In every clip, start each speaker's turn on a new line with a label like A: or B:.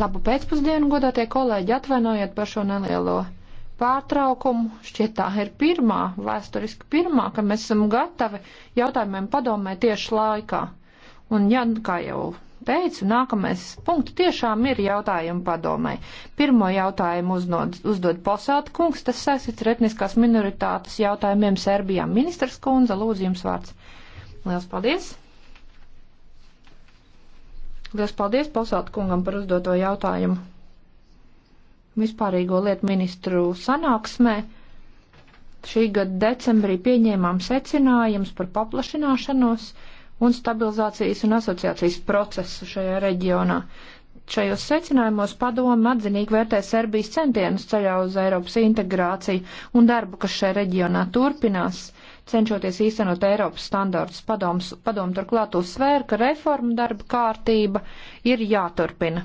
A: Labu pēcpusdienu, godātie kolēģi, atvainojiet par šo nelielo pārtraukumu. Šķiet, tā ir pirmā, vēsturiski pirmā, ka mēs esam gatavi jautājumiem padomē tieši laikā. Un, ja, kā jau teicu, nākamais punkts tiešām ir jautājumu padomē. Pirmo jautājumu uznod, uzdod posāta kungs, tas saistīts ar etniskās minoritātes jautājumiem Serbijā. Ministrs kundze, lūdzu jums vārds. Liels paldies! Lielas paldies Pasāta kungam par uzdoto jautājumu. Vispārīgo lietu ministru sanāksmē šī gada decembrī pieņēmām secinājumus par paplašināšanos un stabilizācijas un asociācijas procesu šajā reģionā. Šajos secinājumos padomu atzinīgi vērtē Serbijas centienus ceļā uz Eiropas integrāciju un darbu, kas šajā reģionā turpinās cenšoties īstenot Eiropas standārtus. Padoms, padoms turklāt uzsvēra, ka reforma darba kārtība ir jāturpina.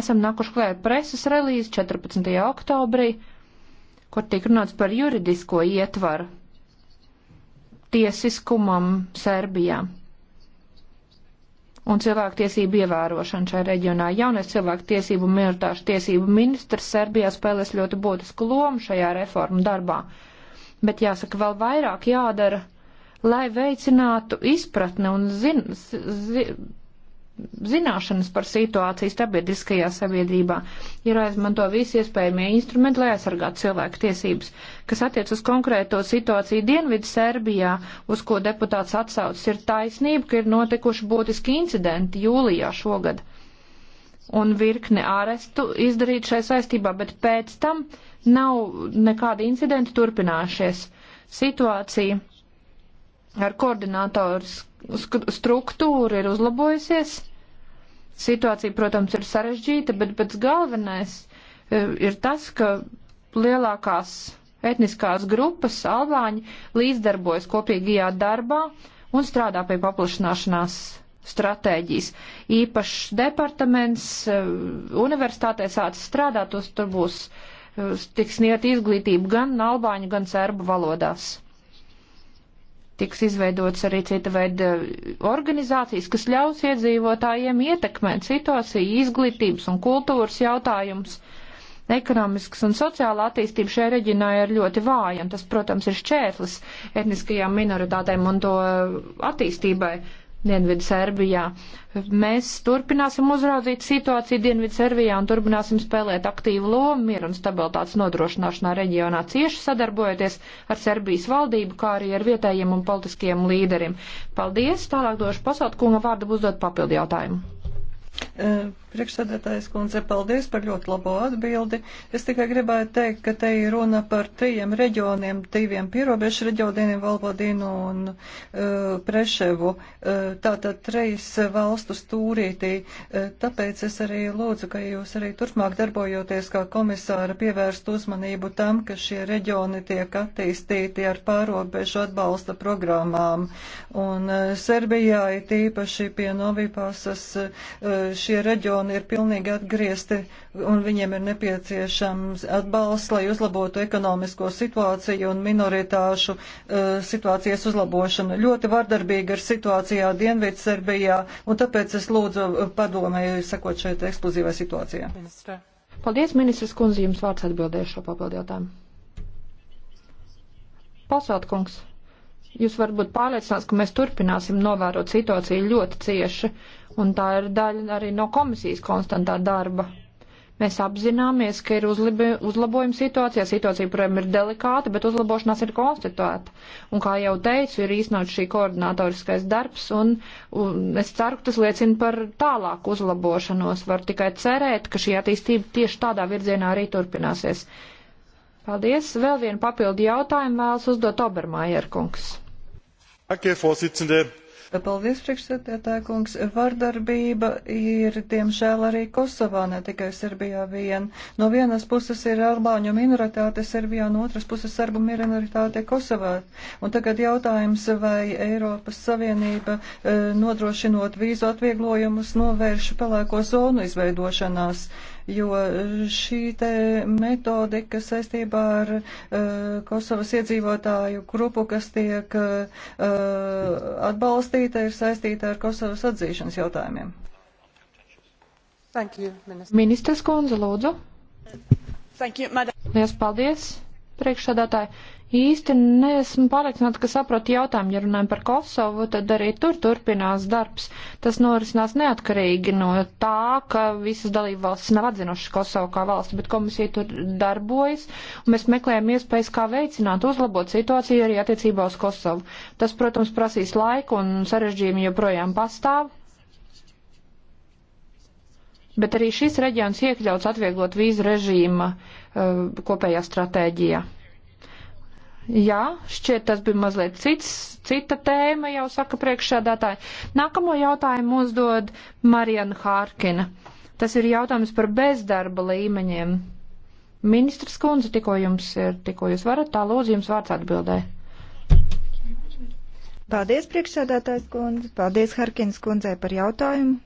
A: Esam nākuši klēt preses relīzi 14. oktobrī, kur tika runāts par juridisko ietvaru tiesiskumam Serbijā un cilvēktiesību ievērošanu šajā reģionā. Jaunais cilvēktiesību un minoritāšu tiesību ministrs Serbijā spēlēs ļoti būtisku lomu šajā reformu darbā, bet jāsaka vēl vairāk jādara, lai veicinātu izpratni un zin, zi, zināšanas par situāciju sabiedriskajā sabiedrībā. Ir aizmanto visi iespējamie instrumenti, lai aizsargātu cilvēku tiesības, kas attiec uz konkrēto situāciju Dienvidu Serbijā, uz ko deputāts atsaucas, ir taisnība, ka ir notikuši būtiski incidenti jūlijā šogad. Un virkne ārestu izdarīt šai saistībā, bet pēc tam nav nekādi incidenti turpinājušies. Situācija ar koordinātors struktūra ir uzlabojusies. Situācija, protams, ir sarežģīta, bet, bet galvenais e, ir tas, ka lielākās etniskās grupas, albāņi, līdzdarbojas kopīgajā darbā un strādā pie paplašināšanās stratēģijas. Īpašs departaments e, universitātē sācis strādāt, uz tur būs e, tiks sniegt izglītību gan albāņu, gan serbu valodās tiks izveidots arī cita veida organizācijas, kas ļaus iedzīvotājiem ietekmēt situāciju, izglītības un kultūras jautājumus. Ekonomiskas un sociāla attīstība šajā reģionā ir ļoti vāja, un tas, protams, ir šķērslis etniskajām minoritātēm un to attīstībai. Dienvidu Serbijā. Mēs turpināsim uzraudzīt situāciju Dienvidu Serbijā un turpināsim spēlēt aktīvu lomu mieru un stabilitātes nodrošināšanā reģionā, cieši sadarbojoties ar Serbijas valdību, kā arī ar vietējiem un politiskiem līderiem. Paldies! Tālāk došu pasautkunga vārdu uzdot papildu jautājumu.
B: Uh. Priekšsēdētājs kundze, paldies par ļoti labo atbildi. Es tikai gribēju teikt, ka te ir runa par trījiem reģioniem, diviem pierobežu reģioniem, Valvodinu un uh, Preševu. Uh, tātad trīs valstu stūrītī. Uh, e, tāpēc es arī lūdzu, ka jūs arī turpmāk darbojoties kā komisāra pievērst uzmanību tam, ka šie reģioni tiek attīstīti ar pārobežu atbalsta programmām. Un uh, Serbijā ir tīpaši pie Novipasas uh, šie reģioni reģioni ir pilnīgi atgriezti un viņiem ir nepieciešams atbalsts, lai uzlabotu ekonomisko situāciju un minoritāšu uh, situācijas uzlabošanu. Ļoti vardarbīga ir situācijā Dienvidserbijā un tāpēc es lūdzu padomēju sekot šeit eksplozīvai situācijai. Ministra.
A: Paldies, ministrs kundze, jums vārds atbildēšu šo papildu jautājumu. Pasauta kungs. Jūs varat būt pārliecināts, ka mēs turpināsim novērot situāciju ļoti cieši, un tā ir daļa arī no komisijas konstantā darba. Mēs apzināmies, ka ir uzlibi, uzlabojumi situācijā, situācija, protams, ir delikāta, bet uzlabošanās ir konstatēta. Un, kā jau teicu, ir īstenot šī koordinātoriskais darbs, un, un es ceru, ka tas liecina par tālāku uzlabošanos. Var tikai cerēt, ka šī attīstība tieši tādā virzienā arī turpināsies. Paldies! Vēl vienu papildu jautājumu vēlas uzdot Obermajer kungs.
C: Paldies,
B: priekšsēdētāja
A: kungs. Vardarbība ir,
B: diemžēl, arī Kosovā, ne tikai Serbijā vien. No vienas puses ir albāņu minoritāte Serbijā, no otras puses serbu minoritāte Kosovā. Un tagad jautājums, vai Eiropas Savienība, eh, nodrošinot vīzu atvieglojumus, novērš pelēko zonu izveidošanās jo šī te metodika saistībā ar uh, Kosovas iedzīvotāju grupu, kas tiek uh, atbalstīta, ir saistīta ar Kosovas atzīšanas jautājumiem.
A: You, minister. Ministres kundze, lūdzu. Thank you, madam. Liels paldies, priekšsādātāji īsti neesmu pārliecināta, ka saprotu jautājumu, ja runājam par Kosovu, tad arī tur turpinās darbs. Tas norisinās neatkarīgi no tā, ka visas dalība valstis nav atzinušas Kosovu kā valsti, bet komisija tur darbojas, un mēs meklējam iespējas, kā veicināt, uzlabot situāciju arī attiecībā uz Kosovu. Tas, protams, prasīs laiku, un sarežģījumi joprojām pastāv. Bet arī šis reģions iekļauts atvieglot vīzu režīma uh, kopējā stratēģijā. Jā, šķiet tas bija mazliet cits, cita tēma, jau saka priekšsēdētāji. Nākamo jautājumu uzdod Marijana Hārkina. Tas ir jautājums par bezdarba līmeņiem. Ministrs Kunze, tikko jums ir, tikko jūs varat, tā lūdzu jums vārds atbildē.
C: Paldies, priekšsēdētājs Kunze, paldies Harkins Kunzei par jautājumu.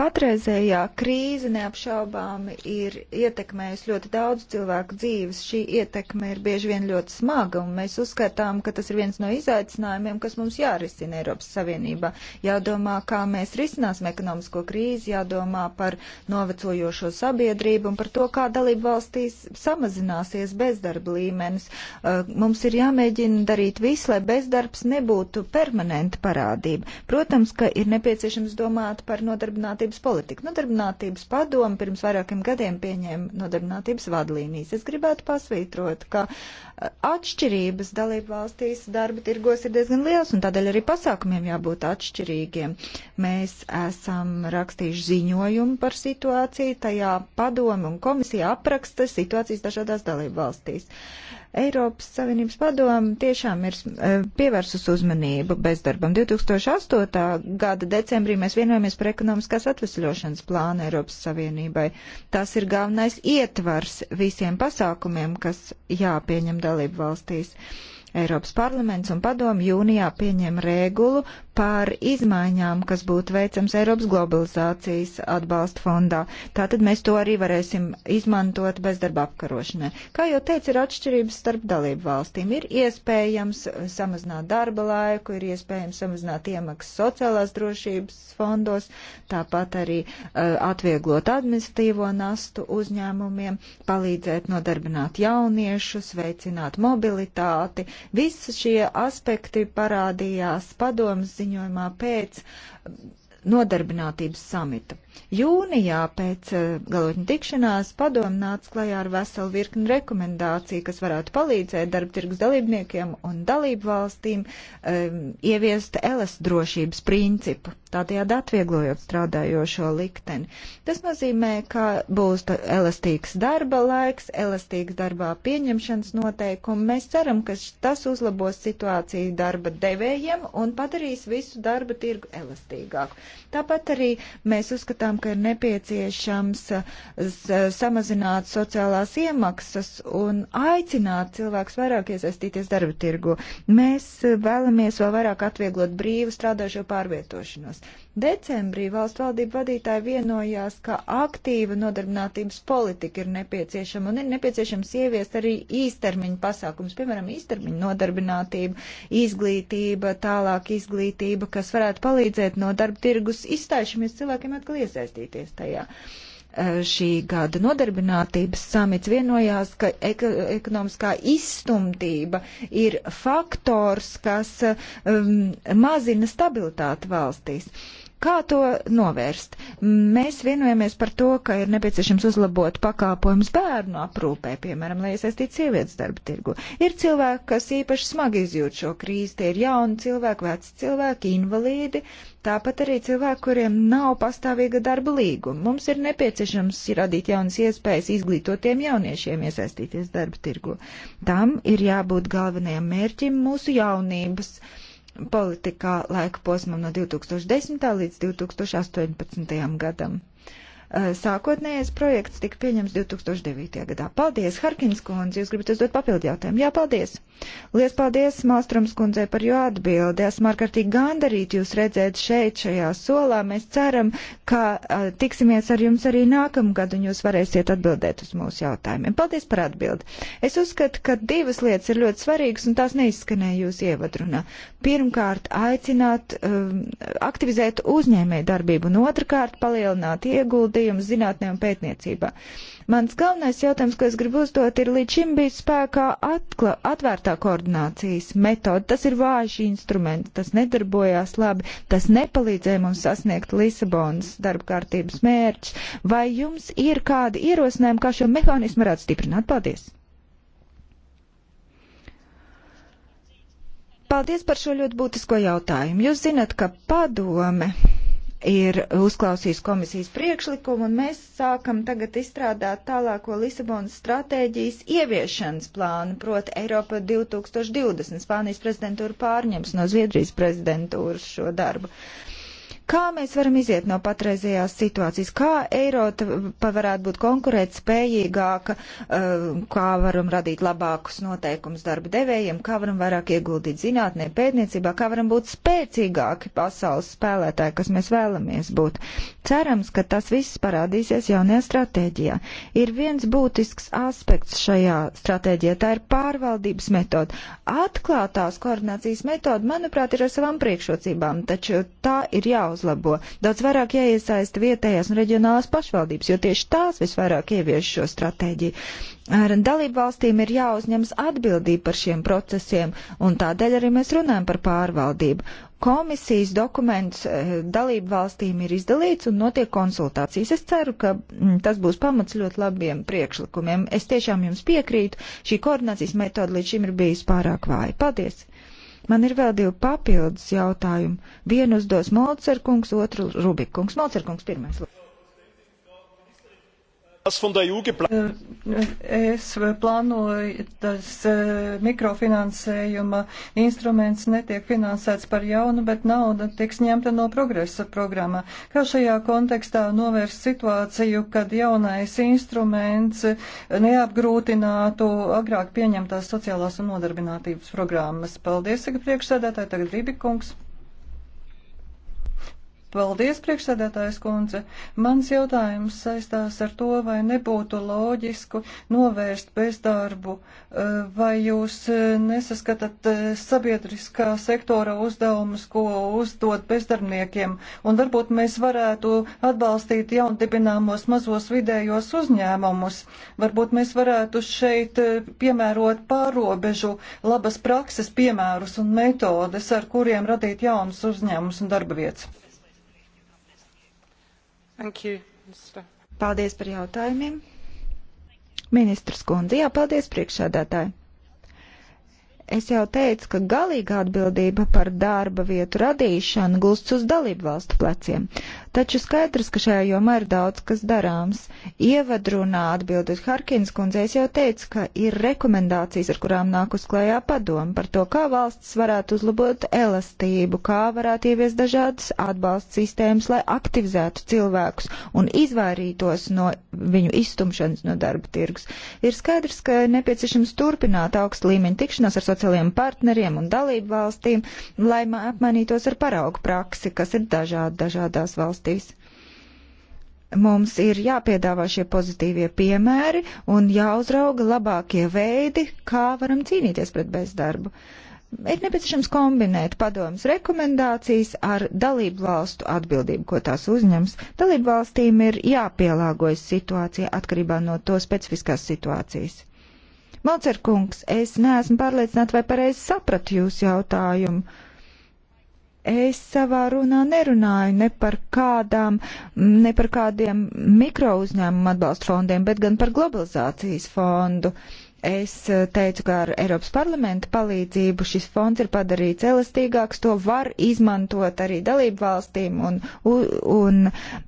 C: Patreizējā krīze neapšaubāmi ir ietekmējusi ļoti daudz cilvēku dzīves. Šī ietekme ir bieži vien ļoti smaga, un mēs uzskatām, ka tas ir viens no izaicinājumiem, kas mums jārisina Eiropas Savienībā. Jādomā, kā mēs risināsim ekonomisko krīzi, jādomā par novecojošo sabiedrību un par to, kā dalību valstīs samazināsies bezdarba līmenis. Uh, mums ir jāmēģina darīt visu, lai bezdarbs nebūtu permanenta parādība. Protams, ka ir nepieciešams domāt par nodarbinātību nodarbinātības politiku. Nodarbinātības padoma pirms vairākiem gadiem pieņēma nodarbinātības vadlīnijas. Es gribētu pasvītrot, ka e, atšķirības dalību valstīs darba tirgos ir diezgan liels, un tādēļ arī pasākumiem jābūt atšķirīgiem. Mēs esam rakstījuši ziņojumu par situāciju, tajā padoma un komisija apraksta situācijas dažādās dalību valstīs. Uh, Eiropas Savienības padoma tiešām ir eh, pievērsus uzmanību bezdarbam. 2008. gada decembrī mēs vienojamies par ekonomiskās atvesļošanas plānu Eiropas Savienībai. Tas ir galvenais ietvars visiem pasākumiem, kas jāpieņem dalību valstīs. Eiropas parlaments un padomu jūnijā pieņem regulu par izmaiņām, kas būtu veicams Eiropas globalizācijas atbalsta fondā. Tātad mēs to arī varēsim izmantot bezdarba apkarošanai. Kā jau teicu, ir atšķirības starp dalību valstīm. Ir iespējams samazināt darba laiku, ir iespējams samazināt iemaksas sociālās drošības fondos, tāpat arī uh, atvieglot administratīvo nastu uzņēmumiem, palīdzēt nodarbināt jauniešus, veicināt mobilitāti. Visi šie aspekti parādījās padomas ziņojumā pēc nodarbinātības samita. Jūnijā pēc eh, galotņa tikšanās padomu nāca klajā ar veselu virkni rekomendāciju, kas varētu palīdzēt darba tirgus dalībniekiem un dalību valstīm um, ieviest elas drošības principu, tādējādi atvieglojot strādājošo likteni. Tas nozīmē, ka būs elastīgs darba laiks, elastīgs darbā pieņemšanas noteikumi. Mēs ceram, ka tas uzlabos situāciju darba devējiem un padarīs visu darba tirgu elastīgāku. Tāpat arī mēs uzskatām, uzskatām, ka ir nepieciešams eh, samazināt sociālās iemaksas un aicināt cilvēkus vairāk iesaistīties darba tirgu. Mēs eh, vēlamies vēl vairāk atvieglot brīvu strādājošo pārvietošanos. Decembrī valstu valdību vadītāji vienojās, ka aktīva nodarbinātības politika ir nepieciešama un ir nepieciešams ieviest arī īstermiņa pasākums, piemēram, īstermiņa nodarbinātība, izglītība, tālāk izglītība, kas varētu palīdzēt no darba tirgus izstājušamies cilvēkiem atkal iesaistīties tajā eh, šī gada nodarbinātības samits vienojās, ka eko, ekonomiskā izstumtība ir faktors, kas um, mazina stabilitāti valstīs. Uh, Kā to novērst? Mēs vienojamies par to, ka ir nepieciešams uzlabot pakāpojums bērnu aprūpē, piemēram, lai iesaistītu sievietes darba tirgu. Ir cilvēki, kas īpaši smagi izjūt šo krīzi, tie ir jauni cilvēki, veci cilvēki, invalīdi, tāpat arī cilvēki, kuriem nav pastāvīga darba līguma. Mums ir nepieciešams radīt jaunas iespējas izglītotiem jauniešiem iesaistīties darba tirgu. Tam ir jābūt galvenajam mērķim mūsu jaunības politikā laika posmam no 2010. līdz 2018. gadam. Eh, sākotnējais projekts tika pieņems 2009. gadā. Paldies, Harkins kundze, jūs gribat uzdot papildu jautājumu. Jā, paldies. Lies paldies, Māstroms kundzei, par jo atbildi. Esmu ārkārtīgi gandarīti jūs redzēt šeit, šajā solā. Mēs ceram, ka uh, tiksimies ar jums arī nākamgad un jūs varēsiet atbildēt uz mūsu jautājumiem. Paldies par atbildi. Es uzskatu, ka divas lietas ir ļoti svarīgas un tās neizskanēja jūs ievadrunā. Pirmkārt, aicināt, um, aktivizēt uzņēmē darbību un otrkārt, palielināt ieguldījumu ieguldījumu zinātnē un pētniecībā. Mans galvenais jautājums, ko es gribu uzdot, ir līdz šim bijis spēkā atkla, atvērtā koordinācijas metode. Tas ir vāži instruments, tas nedarbojās labi, tas nepalīdzēja mums sasniegt Lisabonas darba kārtības mērķus. Vai jums ir kādi ierosinājumi, kā šo mehānismu varētu stiprināt? Paldies! Paldies par šo ļoti būtisko jautājumu. Jūs zinat, ka padome ir uzklausījis komisijas priekšlikumu, un mēs sākam tagad izstrādāt tālāko Lisabonas stratēģijas ieviešanas plānu, proti Eiropa 2020. Spānijas prezidentūra pārņems no Zviedrijas prezidentūras šo darbu. Uh, Kā mēs varam iziet no patreizējās situācijas? Kā Eiropa varētu būt konkurēt spējīgāka? Uh, kā varam radīt labākus noteikumus darba devējiem? Kā varam vairāk ieguldīt zinātnē, pētniecībā? Kā varam būt spēcīgāki pasaules spēlētāji, kas mēs vēlamies būt? Cerams, ka tas viss parādīsies jaunajā stratēģijā. Ir viens būtisks aspekts šajā stratēģijā. Tā ir pārvaldības metoda. Atklātās koordinācijas metoda, manuprāt, ir ar savām priekšrocībām, taču tā ir jāuz jāuzlabo. Daudz vairāk jāiesaista vietējās un reģionālās pašvaldības, jo tieši tās visvairāk ievieš šo stratēģiju. Ar dalību valstīm ir jāuzņemas atbildība par šiem procesiem, un tādēļ arī mēs runājam par pārvaldību. Komisijas dokuments eh, dalību valstīm ir izdalīts un notiek konsultācijas. Es ceru, ka mm, tas būs pamats ļoti labiem priekšlikumiem. Es tiešām jums piekrītu, šī koordinācijas metoda līdz šim ir bijusi pārāk vāja. Paldies! Man ir vēl divi papildus jautājumi. Vienu uzdos Molcerkungs, otru Rubikungs. Molcerkungs pirmais.
A: Tas von der EU geplant. Eh, eh,
B: es plānoju, tas eh, mikrofinansējuma instruments netiek finansēts par jaunu, bet nauda tiks ņemta no progresa programmā. Kā šajā kontekstā novērst situāciju, kad jaunais instruments neapgrūtinātu agrāk pieņemtās sociālās un nodarbinātības programmas? Paldies, saka priekšsēdētāji, tagad Rībikungs. Paldies, priekšsēdētājs kundze. Mans jautājums saistās ar to, vai nebūtu loģisku novērst bezdarbu, eh, vai jūs eh, nesaskatāt eh, sabiedriskā sektora uzdevumus, ko uzdot bezdarbniekiem, un varbūt mēs varētu atbalstīt jaundibināmos mazos vidējos uzņēmumus. Varbūt mēs varētu šeit piemērot pārobežu labas prakses piemērus un metodes, ar kuriem radīt jaunus uzņēmumus un darba vietas. Paldies par jautājumiem. Ministrs
C: kundze, jā, paldies priekšādātāji. Es jau teicu, ka galīga atbildība par darba vietu radīšanu gulsts uz dalību valstu pleciem. Taču skaidrs, ka šajā jomā ir daudz kas darāms. Ievadrunā atbildot Harkins kundzei, es jau teicu, ka ir rekomendācijas, ar kurām nāk uz klējā padomu par to, kā valsts varētu uzlabot elastību, kā varētu ievies dažādas atbalsta sistēmas, lai aktivizētu cilvēkus un izvairītos no viņu izstumšanas no darba tirgus. Ir skaidrs, ka nepieciešams turpināt augstu līmeņu tikšanās ar sociālajiem sociālajiem partneriem un dalību valstīm, lai apmainītos ar paraugu praksi, kas ir dažādi dažādās valstīs. Mums ir jāpiedāvā šie pozitīvie piemēri un jāuzrauga labākie veidi, kā varam cīnīties pret bezdarbu ir nepieciešams kombinēt padomus rekomendācijas ar dalību valstu atbildību, ko tās uzņems. Dalību valstīm ir jāpielāgojas situācija atkarībā no to specifiskās situācijas. Malcerkungs, es neesmu pārliecināta, vai pareizi sapratu jūsu jautājumu. Es savā runā nerunāju ne par kādām, ne par kādiem mikrouzņēmumu atbalstu fondiem, bet gan par globalizācijas fondu. Uh, Es eh, teicu, ka ar Eiropas parlamenta palīdzību šis fonds ir padarīts elastīgāks, to var izmantot arī dalību valstīm un, un,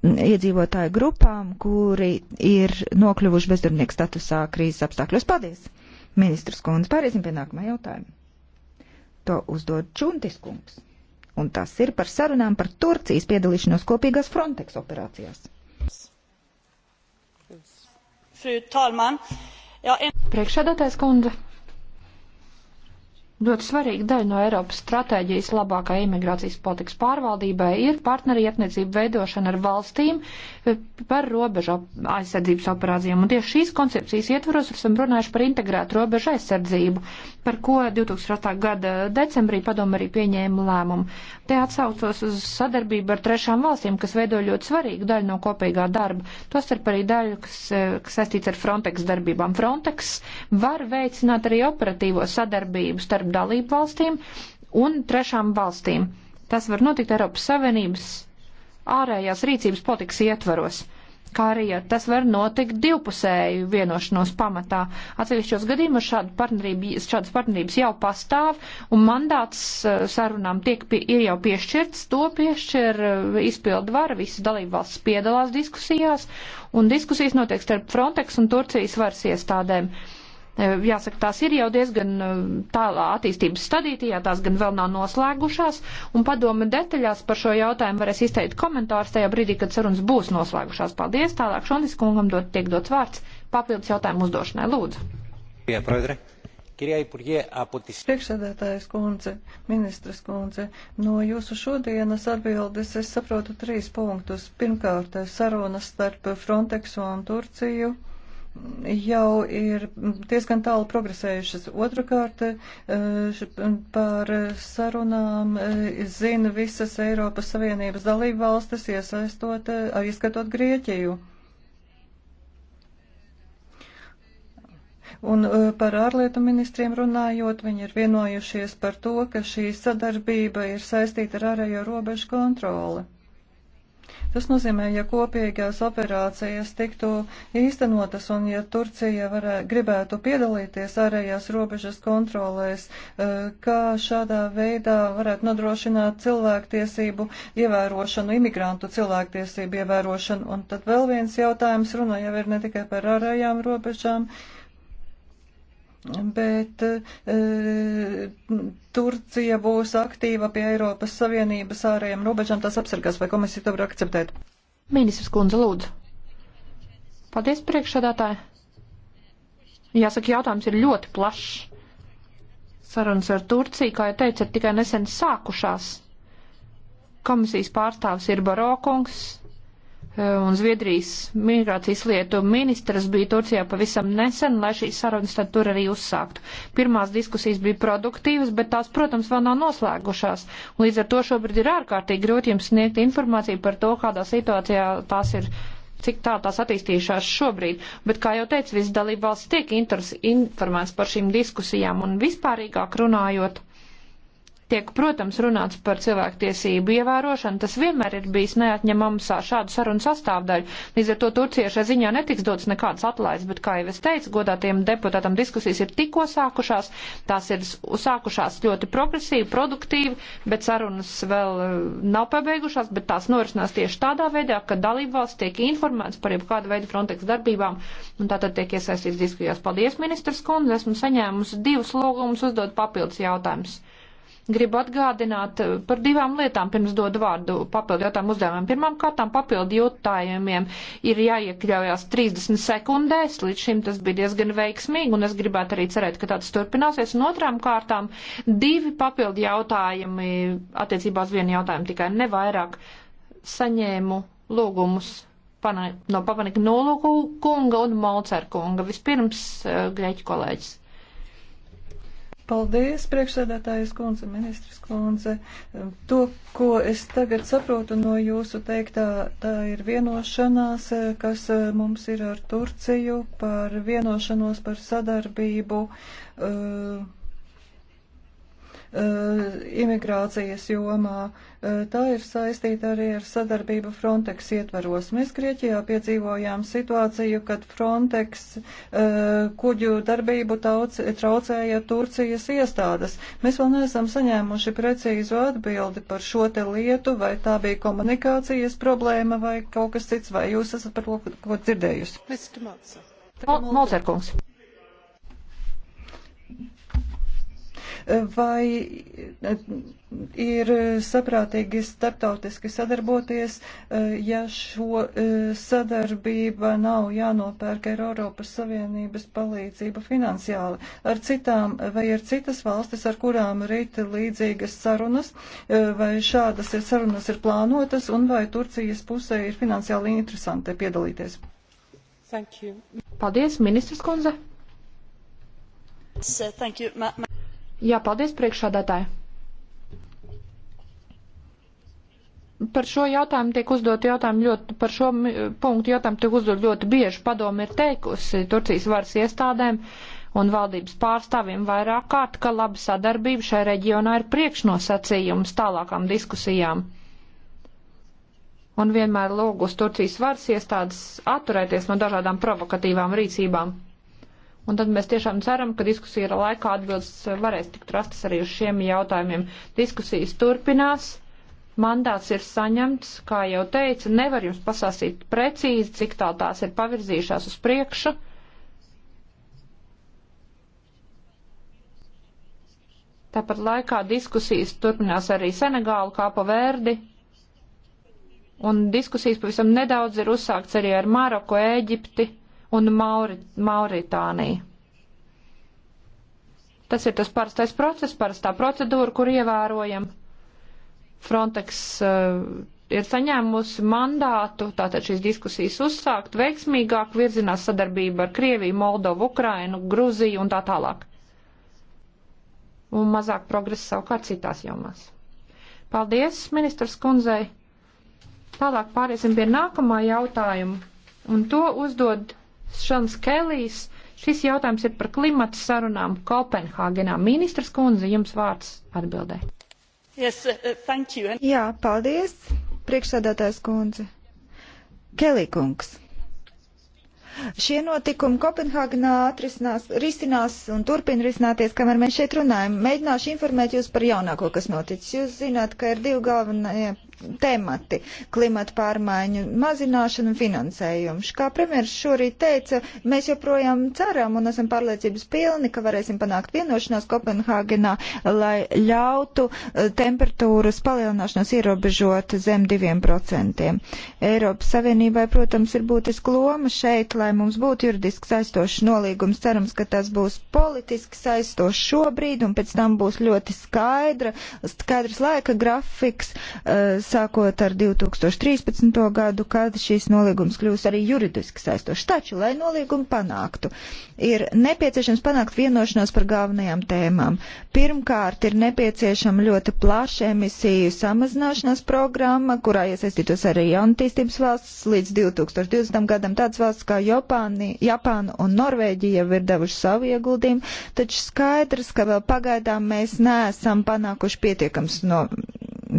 C: un iedzīvotāju grupām, kuri ir nokļuvuši bezdarbnieku statusā krīzes apstākļos. Paldies, ministrs kundze. Pāriesim pie nākamā jautājuma. To uzdod Čuntis kungs. Un tas ir par sarunām par Turcijas piedalīšanos kopīgās Frontex
B: operācijās. Fru talman!
A: Priekšsēdētājs kundze. Ļoti svarīga daļa no Eiropas stratēģijas labākai imigrācijas politikas pārvaldībai ir partnerietniecība veidošana ar valstīm, par robežu aizsardzības operācijām. Un tieši šīs koncepcijas ietvaros esam runājuši par integrētu robežu aizsardzību, par ko 2008. gada decembrī padomu arī pieņēma lēmumu. Te atsaucos uz sadarbību ar trešām valstīm, kas veido ļoti svarīgu daļu no kopīgā darba. Tostarp arī daļu, kas, eh, kas saistīts ar Frontex darbībām. Frontex var veicināt arī operatīvo sadarbību starp dalību valstīm un trešām valstīm. Tas var notikt Eiropas Savienības ārējās rīcības politikas ietvaros kā arī ja tas var notikt divpusēju vienošanos pamatā. Atsevišķos gadījumos šāda partnerība, šādas partnerības jau pastāv, un mandāts eh, sarunām tiek, pie, ir jau piešķirts, to piešķir eh, izpildu vara, visas dalībvalstis piedalās diskusijās, un diskusijas notiek starp Frontex un Turcijas varas iestādēm. Uh, Eh, jāsaka, tās ir jau diezgan eh, tālā attīstības stadītījā, tās gan vēl nav noslēgušās, un padome detaļās par šo jautājumu varēs izteikt komentārus tajā brīdī, kad sarunas būs noslēgušās. Paldies, tālāk Šonis kungam dot, tiek dots vārds papildus jautājumu uzdošanai. Lūdzu.
B: Priekšsēdētājas kundze, ministras kundze, no jūsu šodienas atbildes es saprotu trīs punktus. Pirmkārt, sarunas starp Frontex un Turciju jau ir diezgan tālu progresējušas. Otrakārt, eh, par sarunām eh, zina visas Eiropas Savienības dalība valstis, iesaistot, eh, ieskatot Grieķiju. Un par ārlietu ministriem runājot, viņi ir vienojušies par to, ka šī sadarbība ir saistīta ar ārējo robežu kontroli. Tas nozīmē, ja kopīgās operācijas tiktu īstenotas un ja Turcija varē, gribētu piedalīties ārējās robežas kontrolēs, eh, kā šādā veidā varētu nodrošināt cilvēktiesību ievērošanu, imigrantu cilvēktiesību ievērošanu. Un tad vēl viens jautājums runa jau ir ne tikai par ārējām robežām, bet e, Turcija būs aktīva pie Eiropas Savienības ārējiem robežām, tās apsargās, vai komisija to var akceptēt?
A: Ministrs Kundze, lūdzu. Paldies, priekšsādātāji. Jāsaka, jautājums ir ļoti plašs. Sarunas ar Turciju, kā jau teicu, ir tikai nesen sākušās. Komisijas pārstāvs ir Barokungs, Eh, un Zviedrijas migrācijas lietu ministras bija Turcijā pavisam nesen, lai šīs sarunas tad tur arī uzsāktu. Pirmās diskusijas bija produktīvas, bet tās, protams, vēl nav noslēgušās. Un līdz ar to šobrīd ir ārkārtīgi grūti jums sniegt informāciju par to, kādā situācijā tās ir cik tā tās attīstījušās šobrīd, bet, kā jau teicu, visas dalībvalsts tiek interes, informēts par šīm diskusijām un vispārīgāk runājot tiek, protams, runāts par cilvēktiesību ievērošanu. Tas vienmēr ir bijis neatņemams šādu sarunu sastāvdaļu. Līdz ar to Turciešai ziņā netiks dots nekāds atlaists, bet, kā jau es teicu, godātiem deputātam diskusijas ir tikko sākušās. Tās ir sākušās ļoti progresīvi, produktīvi, bet sarunas vēl nav pabeigušās, bet tās norisinās tieši tādā veidā, ka dalībvalsts tiek informēts par jebkādu veidu Frontex darbībām un tātad tiek iesaistīts diskusijās. Paldies, ministrs Kundze, esmu saņēmusi divus lūgumus uzdot papildus jautājumus. Gribu atgādināt eh, par divām lietām, pirms dodu vārdu papildu jautājumu uzdevumiem. Pirmām kārtām papildu jautājumiem ir jāiekļaujās 30 sekundēs, līdz šim tas bija diezgan veiksmīgi, un es gribētu arī cerēt, ka tāds turpināsies. Un otrām kārtām divi papildu jautājumi attiecībā uz vienu jautājumu tikai nevairāk saņēmu lūgumus pana, no Papanika Nolūku kunga un Molcer kunga. Vispirms uh, grieķu kolēģis.
B: Paldies, priekšsēdētājas kundze, ministrs kundze. To, ko es tagad saprotu no jūsu teiktā, tā ir vienošanās, kas eh, mums ir ar Turciju par vienošanos par sadarbību. Uh, Eh, imigrācijas jomā. Eh, tā ir saistīta arī ar sadarbību Frontex ietvaros. Mēs Grieķijā piedzīvojām situāciju, kad Frontex eh, kuģu darbību tauc, traucēja Turcijas iestādes. Mēs vēl neesam saņēmuši precīzu atbildi par šo te lietu, vai tā bija komunikācijas problēma vai kaut kas cits, vai jūs esat par to, ko dzirdējusi. Molcerkungs. vai eh, ir saprātīgi starptautiski sadarboties, eh, ja šo eh, sadarbība nav jānopērk ar Eiropas Savienības palīdzību finansiāli. Ar citām vai ir citas valstis, ar kurām rīt līdzīgas sarunas, vai šādas ir sarunas ir plānotas, un vai Turcijas pusē ir finansiāli
A: interesanti piedalīties. Paldies, ministrs Konze! Thank you. Ma ma Jā, paldies priekšādātāji. Par šo jautājumu tiek uzdot jautājumu ļoti, par šo punktu jautājumu tiek uzdot ļoti bieži. Padomi ir teikusi Turcijas varas iestādēm un valdības pārstāvim vairāk kārt, ka laba sadarbība šai reģionā ir priekšnosacījums tālākām diskusijām un vienmēr lūgus Turcijas varas iestādes atturēties no dažādām provokatīvām rīcībām. Un tad mēs tiešām ceram, ka diskusija laikā atbildes varēs tikt rastas arī uz šiem jautājumiem. Diskusijas turpinās. Mandāts ir saņemts, kā jau teicu, nevar jums pasāstīt precīzi, cik tā tās ir pavirzījušās uz priekšu. Tāpat laikā diskusijas turpinās arī Senegālu kāpa vērdi, un diskusijas pavisam nedaudz ir uzsākts arī ar Maroku, Ēģipti un Mauri, Mauritāniju. Tas ir tas parastais process, parastā procedūra, kur ievērojam. Frontex uh, ir saņēmusi mandātu, tātad šīs diskusijas uzsākt, veiksmīgāk virzinās sadarbība ar Krieviju, Moldovu, Ukrainu, Gruziju un tā tālāk. Un mazāk progresa savukārt citās jomās. Paldies, ministrs kundzei. Tālāk pāriesim pie nākamā jautājuma, un to uzdod Šons Kelijs. Šis jautājums ir par klimata sarunām Kopenhāgenā. Ministras kundze, jums vārds atbildē.
B: Yes, uh, uh, thank you.
C: Jā, paldies, priekšsēdētājs kundze. Kelikungs. Šie notikumi Kopenhāgenā atrisinās, risinās un turpina risināties, kamēr mēs šeit runājam. Mēģināšu informēt jūs par jaunāko, kas noticis. Jūs zināt, ka ir divi galvenie temati - klimata pārmaiņu mazināšana un finansējums. Kā premjeras šorīt teica, mēs joprojām ceram un esam pārliecības pilni, ka varēsim panākt vienošanās Kopenhāgenā, lai ļautu eh, temperatūras palielināšanos ierobežot zem diviem procentiem. Eiropas Savienībai, protams, ir būtiska loma šeit, lai mums būtu juridisks aizstošs nolīgums. Cerams, ka tas būs politiski saistošs šobrīd un pēc tam būs ļoti skaidra, skaidrs laika grafiks. Uh, sākot ar 2013. gadu, kad šīs nolīgums kļūs arī juridiski saistošs. Taču, lai nolīgumu panāktu, ir nepieciešams panākt vienošanos par galvenajām tēmām. Pirmkārt, ir nepieciešama ļoti plaša emisiju samazināšanās programma, kurā iesaistītos arī jaunatīstības valsts līdz 2020. gadam. Tāds valsts kā Japāni, Japāna un Norvēģija jau ir devuši savu ieguldījumu, taču skaidrs, ka vēl pagaidām mēs neesam panākuši pietiekams no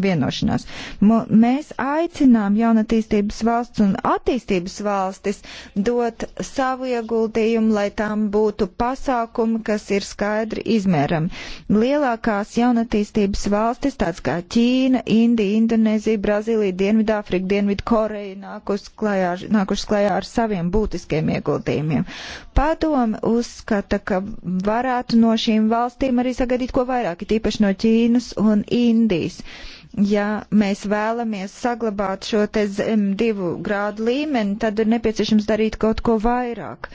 C: vienošanās. M mēs aicinām jaunatīstības valsts un attīstības valstis dot savu ieguldījumu, lai tām būtu pasākumi, kas ir skaidri izmērami. Lielākās jaunatīstības valstis, tāds kā Ķīna, Indija, Indonēzija, Brazīlija, Dienvidāfrika, Dienvidkoreja, nākuši klajā, nākuši klajā ar saviem būtiskiem ieguldījumiem. Padome uzskata, ka varētu no šīm valstīm arī sagaidīt ko vairāk, it īpaši no Ķīnas un Indijas. Uh, ja mēs vēlamies saglabāt šo te zem divu grādu līmeni, tad ir nepieciešams darīt kaut ko vairāk.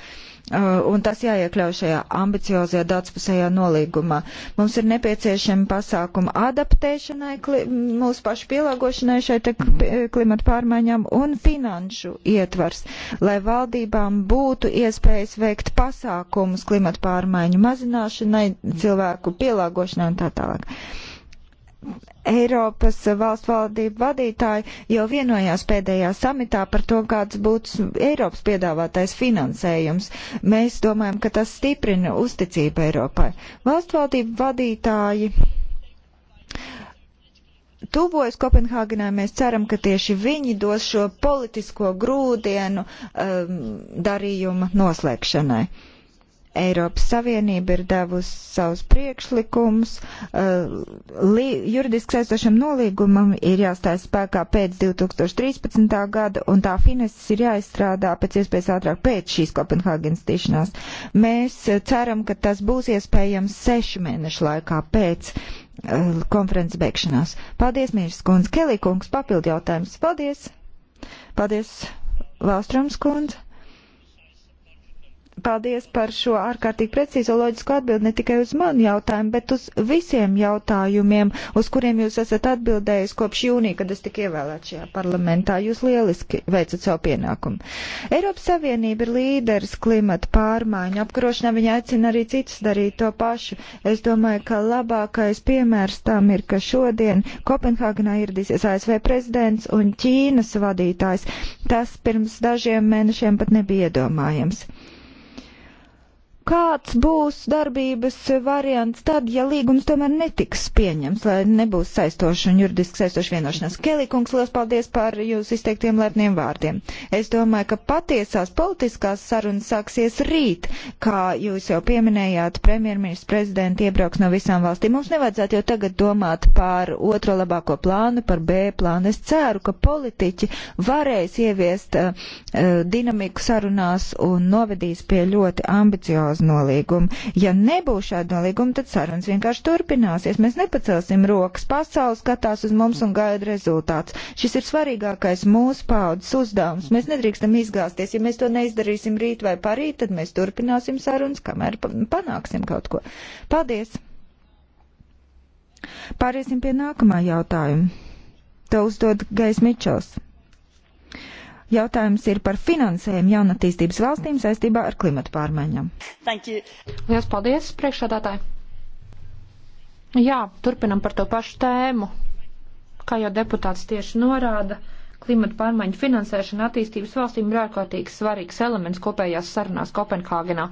C: Uh, un tas jāiekļauj šajā ambiciozajā daudzpusējā nolīgumā. Mums ir nepieciešama pasākuma adaptēšanai, kli, mūsu pašu pielāgošanai šai klimata pārmaiņām un finanšu ietvars, lai valdībām būtu iespējas veikt pasākumus klimata pārmaiņu mazināšanai, cilvēku pielāgošanai un tā tālāk. Uh, Eiropas valstu valdību vadītāji jau vienojās pēdējā samitā par to, kāds būtu Eiropas piedāvātais finansējums. Mēs domājam, ka tas stiprina uzticību Eiropai. Valstu valdību vadītāji tuvojas Kopenhāgenai, mēs ceram, ka tieši viņi dos šo politisko grūdienu um, darījuma noslēgšanai. Uh, Eiropas Savienība ir devusi savus priekšlikumus. Eh, juridiski saistošam nolīgumam ir jāstājas spēkā pēc 2013. gada, un tā finanses ir jāizstrādā pēc iespējas ātrāk pēc šīs Kopenhāgenes tikšanās. Mēs eh, ceram, ka tas būs iespējams sešu mēnešu laikā pēc eh, konferences beigšanās. Paldies, Mīras kundze. Kelī kungs, papildu jautājums. Paldies! Paldies, Valstroms kundze. Paldies par šo ārkārtīgi precīzo loģisko atbildi ne tikai uz manu jautājumu, bet uz visiem jautājumiem, uz kuriem jūs esat atbildējis kopš jūnija, kad es tik ievēlēt šajā parlamentā. Jūs lieliski veicat savu pienākumu. Eiropas Savienība ir līderis klimata pārmaiņu apkarošanā, viņa aicina arī citus darīt to pašu. Es domāju, ka labākais piemērs tam ir, ka šodien Kopenhāgenā ieradīsies ASV prezidents un Ķīnas vadītājs. Tas pirms dažiem mēnešiem pat nebija iedomājams kāds būs darbības variants tad, ja līgums tomēr netiks pieņems, lai nebūs saistoši un juridiski saistoši vienošanās. Kelīkungs, liels paldies par jūsu izteiktiem lepniem vārdiem. Es domāju, ka patiesās politiskās sarunas sāksies rīt, kā jūs jau pieminējāt, premjerministrs prezidenti iebrauks no visām valstīm. Mums nevajadzētu jau tagad domāt par otro labāko plānu, par B plānu. Es ceru, ka politiķi varēs ieviest uh, dinamiku sarunās un novedīs pie ļoti ambiciozas uz nolīgumu. Ja nebūs šāda nolīguma, tad sarunas vienkārši turpināsies. Mēs nepacelsim rokas. Pasaules skatās uz mums un gaida rezultāts. Šis ir svarīgākais mūsu paudzes uzdevums. Mēs nedrīkstam izgāzties. Ja mēs to neizdarīsim rīt vai parīt, tad mēs turpināsim sarunas, kamēr panāksim kaut ko. Paldies! Pāriesim pie nākamā jautājuma. To uzdod Gais Mičels. Jautājums ir par finansējumu jaunatīstības valstīm saistībā ar klimatu pārmaiņām.
A: Lielas paldies, priekšādātāji! Jā, turpinam par to pašu tēmu. Kā jau deputāts tieši norāda, klimata pārmaiņu finansēšana attīstības valstīm ir ārkārtīgi svarīgs elements kopējās sarunās Kopenhāgenā.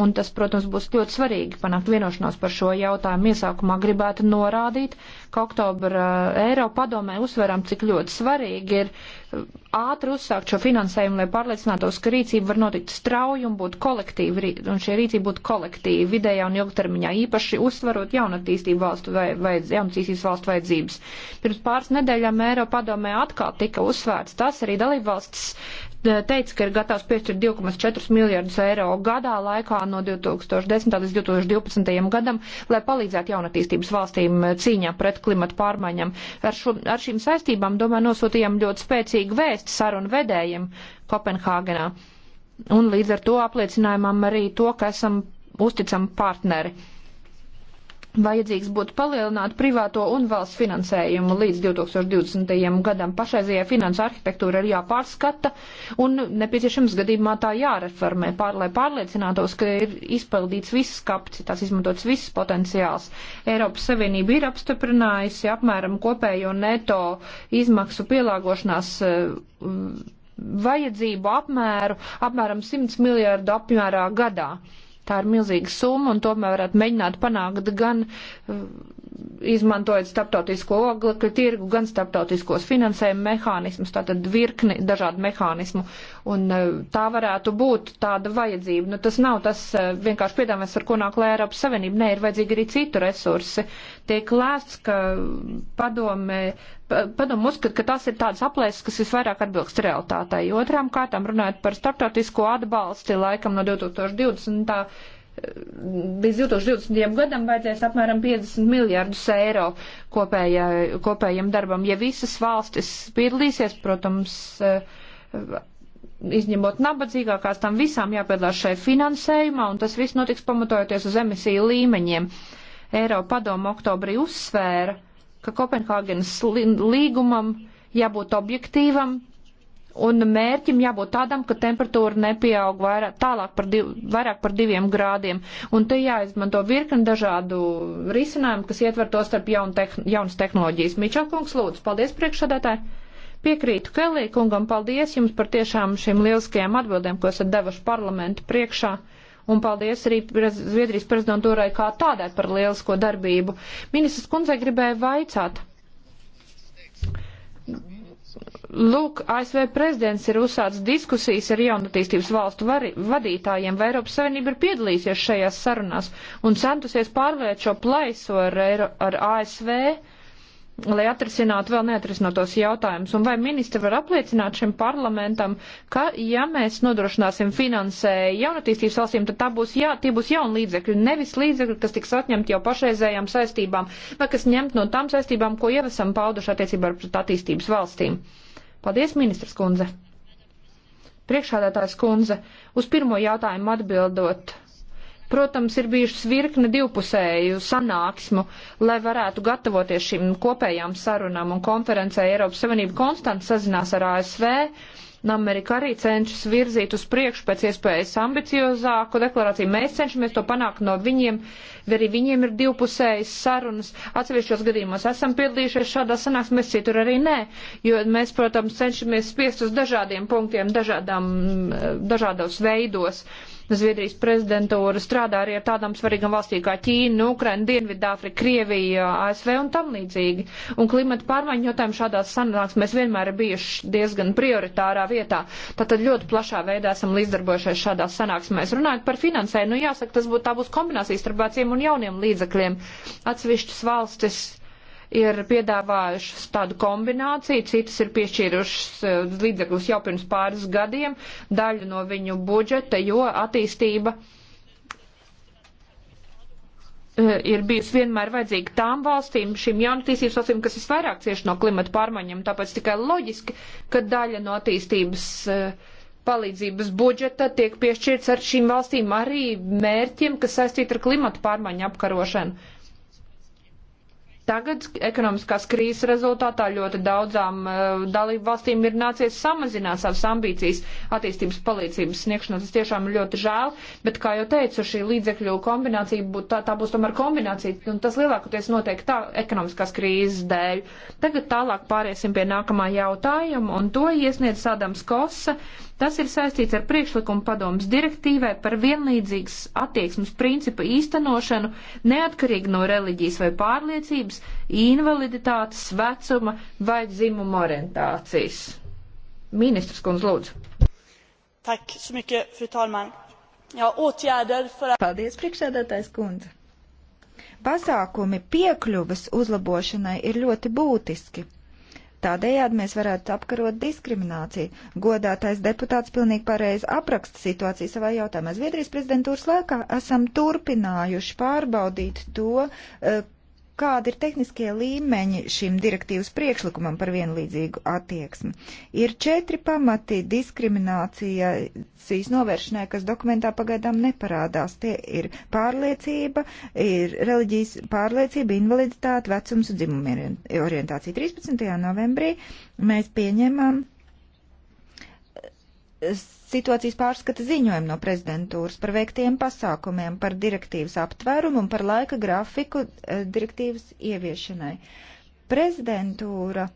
A: Un tas, protams, būs ļoti svarīgi panākt vienošanos par šo jautājumu. Iesākumā gribētu norādīt, ka oktobra eh, Eiropa padomē uzsveram, cik ļoti svarīgi ir eh, ātri uzsākt šo finansējumu, lai pārliecinātos, ka rīcība var notikt strauji un būtu kolektīva, un šie rīcība būtu kolektīva vidējā un ilgtermiņā, īpaši uzsvarot jaunatīstību valstu vai, vai jaunatīstības valstu vajadzības. Pirms pāris nedēļām Eiropa padomē atkal tika uzsvērts tas, arī dalībvalsts Eh, teica, ka ir gatavs piešķirt 2,4 miljardus eiro gadā laikā no 2010. līdz 2012. gadam, lai palīdzētu jaunatīstības valstīm eh, cīņā pret klimatu pārmaiņām. Ar, šo, ar šīm saistībām, domāju, nosūtījām ļoti spēcīgu vēstu sarunu vedējiem Kopenhāgenā. Un līdz ar to apliecinājumam arī to, ka esam uzticami partneri vajadzīgs būtu palielināt privāto un valsts finansējumu līdz 2020. gadam. Pašreizējā finansu arhitektūra ir jāpārskata un nepieciešams gadījumā tā jāreformē, pār, lai pārliecinātos, ka ir izpildīts viss kapacitāts, izmantots viss potenciāls. Eiropas Savienība ir apstiprinājusi apmēram kopējo neto izmaksu pielāgošanās. Eh, vajadzību apmēru apmēram 100 miljārdu apmērā gadā. Tā ir milzīga summa, un tomēr varētu mēģināt panākt gan izmantojot starptautisko oglekļa tirgu, gan starptautiskos finansējuma mehānismus, tātad virkni dažādu mehānismu. Un e, tā varētu būt tāda vajadzība. Nu, tas nav tas e, vienkārši piedāvājums, ar ko nāk lē Eiropas Savienība. Nē, ir vajadzīgi arī citu resursi. Tiek lēsts, ka padome, padomu uzskat, ka tas ir tāds aplēses, kas visvairāk atbilst realitātei. Otrām kārtām runājot par starptautisko atbalsti laikam no 2020 līdz 2020. gadam vajadzēs apmēram 50 miljārdus eiro kopējā, kopējam darbam. Ja visas valstis piedalīsies, protams, eh, izņemot nabadzīgākās, tam visām jāpiedalās šai finansējumā, un tas viss notiks pamatojoties uz emisiju līmeņiem. Eiropa padoma oktobrī uzsvēra, ka Kopenhāgenes līgumam jābūt objektīvam, Un mērķim jābūt tādam, ka temperatūra nepieaug vairāk, tālāk par, div, vairāk par diviem grādiem. Un te jāizmanto virkni dažādu risinājumu, kas ietver to starp jaun tehn, jaunas tehnoloģijas. Mičelkungs, lūdzu, paldies priekšsādātāji. Piekrītu Kelī kungam, paldies jums par tiešām šīm lieliskajām atbildēm, ko esat devuši parlamentu priekšā un paldies arī Zviedrijas prezidentūrai kā tādai par lielisko darbību. Ministrs kundzei gribēja vaicāt. Lūk, ASV prezidents ir uzsācis diskusijas ar jaunatīstības valstu vari, vadītājiem, vai Eiropas Savienība ir piedalīsies šajās sarunās un centusies pārvērt šo plaisu ar, Eiro, ar ASV, lai atrisinātu vēl neatrisinātos jautājumus. Un vai ministri var apliecināt šim parlamentam, ka, ja mēs nodrošināsim finansēju jaunatīstības valstīm, tad tā būs, jā, tie būs jauni līdzekļi, nevis līdzekļi, kas tiks atņemti jau pašreizējām saistībām, vai kas ņemt no tām saistībām, ko jau esam pauduši attiecībā pret attīstības valstīm. Paldies, ministrs kundze! Priekšādātājs kundze, uz pirmo jautājumu atbildot. Protams, ir bijušas virkne divpusēju sanāksmu, lai varētu gatavoties šīm kopējām sarunām un konferencē Eiropas Savienība konstant sazinās ar ASV un Amerika arī cenšas virzīt uz priekšu pēc iespējas ambiciozāku deklarāciju. Mēs cenšamies to panākt no viņiem, arī viņiem ir divpusējas sarunas. Atsevišķos gadījumos esam piedalījušies šādā sanāksmēs, citur arī nē, jo mēs, protams, cenšamies spiest uz dažādiem punktiem, dažādām, dažādos veidos. Uh, Zviedrijas prezidentūra strādā arī ar tādām svarīgām valstīm kā Ķīna, Ukraina, Dienvidāfrika, Krievija, ASV un tam līdzīgi. Un klimata pārmaiņu jautājumu šādās sanāksmēs vienmēr ir bijuši diezgan prioritārā vietā. Tātad ļoti plašā veidā esam līdzdarbojušies šādās sanāksmēs. Runājot par finansējumu, nu jāsaka, tas būtu tā būs kombinācija starp veciem un jauniem līdzekļiem. Atsevišķas valstis ir piedāvājušas tādu kombināciju, citas ir piešķīrušas eh, līdzekļus jau pirms pāris gadiem, daļu no viņu budžeta, jo attīstība eh, ir bijusi vienmēr vajadzīga tām valstīm, šīm jaunatīstības valstīm, kas visvairāk cieši no klimata pārmaiņām. Tāpēc tikai loģiski, ka daļa no attīstības eh, palīdzības budžeta tiek piešķirts ar šīm valstīm arī mērķiem, kas saistīti ar klimata pārmaiņu apkarošanu. Tagad ekonomiskās krīzes rezultātā ļoti daudzām uh, dalību valstīm ir nācies samazināt savas ambīcijas attīstības palīdzības sniegšanā. Tas tiešām ir ļoti žēl, bet, kā jau teicu, šī līdzekļu kombinācija, būt, tā, tā būs tomēr kombinācija, un tas lielākoties notiek tā ekonomiskās krīzes dēļ. Tagad tālāk pāriesim pie nākamā jautājuma, un to iesniedz Sadams Kosa Tas ir saistīts ar priekšlikumu padomus direktīvai par vienlīdzīgas attieksmes principa īstenošanu neatkarīgi no reliģijas vai pārliecības, invaliditātes, vecuma vai dzimuma orientācijas. Ministrs Kundz, lūdzu.
C: Tak, smike, fru talman. Jā, otjēder. For... Paldies, priekšsēdētājs Kundze. Pasākumi piekļuvas uzlabošanai ir ļoti būtiski Tādējādi mēs varētu apkarot diskrimināciju. Godātais deputāts pilnīgi pareizi apraksta situāciju savā jautājumā. Zviedrijas prezidentūras laikā esam turpinājuši pārbaudīt to, eh, kādi ir tehniskie līmeņi šim direktīvas priekšlikumam par vienlīdzīgu attieksmi. Ir četri pamati diskriminācijas novēršanai, kas dokumentā pagaidām neparādās. Tie ir pārliecība, ir reliģijas pārliecība, invaliditāte, vecums un dzimuma orientācija. 13. novembrī mēs pieņemam situācijas pārskata ziņojumu no prezidentūras par veiktiem pasākumiem, par direktīvas aptvērumu un par laika grafiku eh, direktīvas ieviešanai. Prezidentūra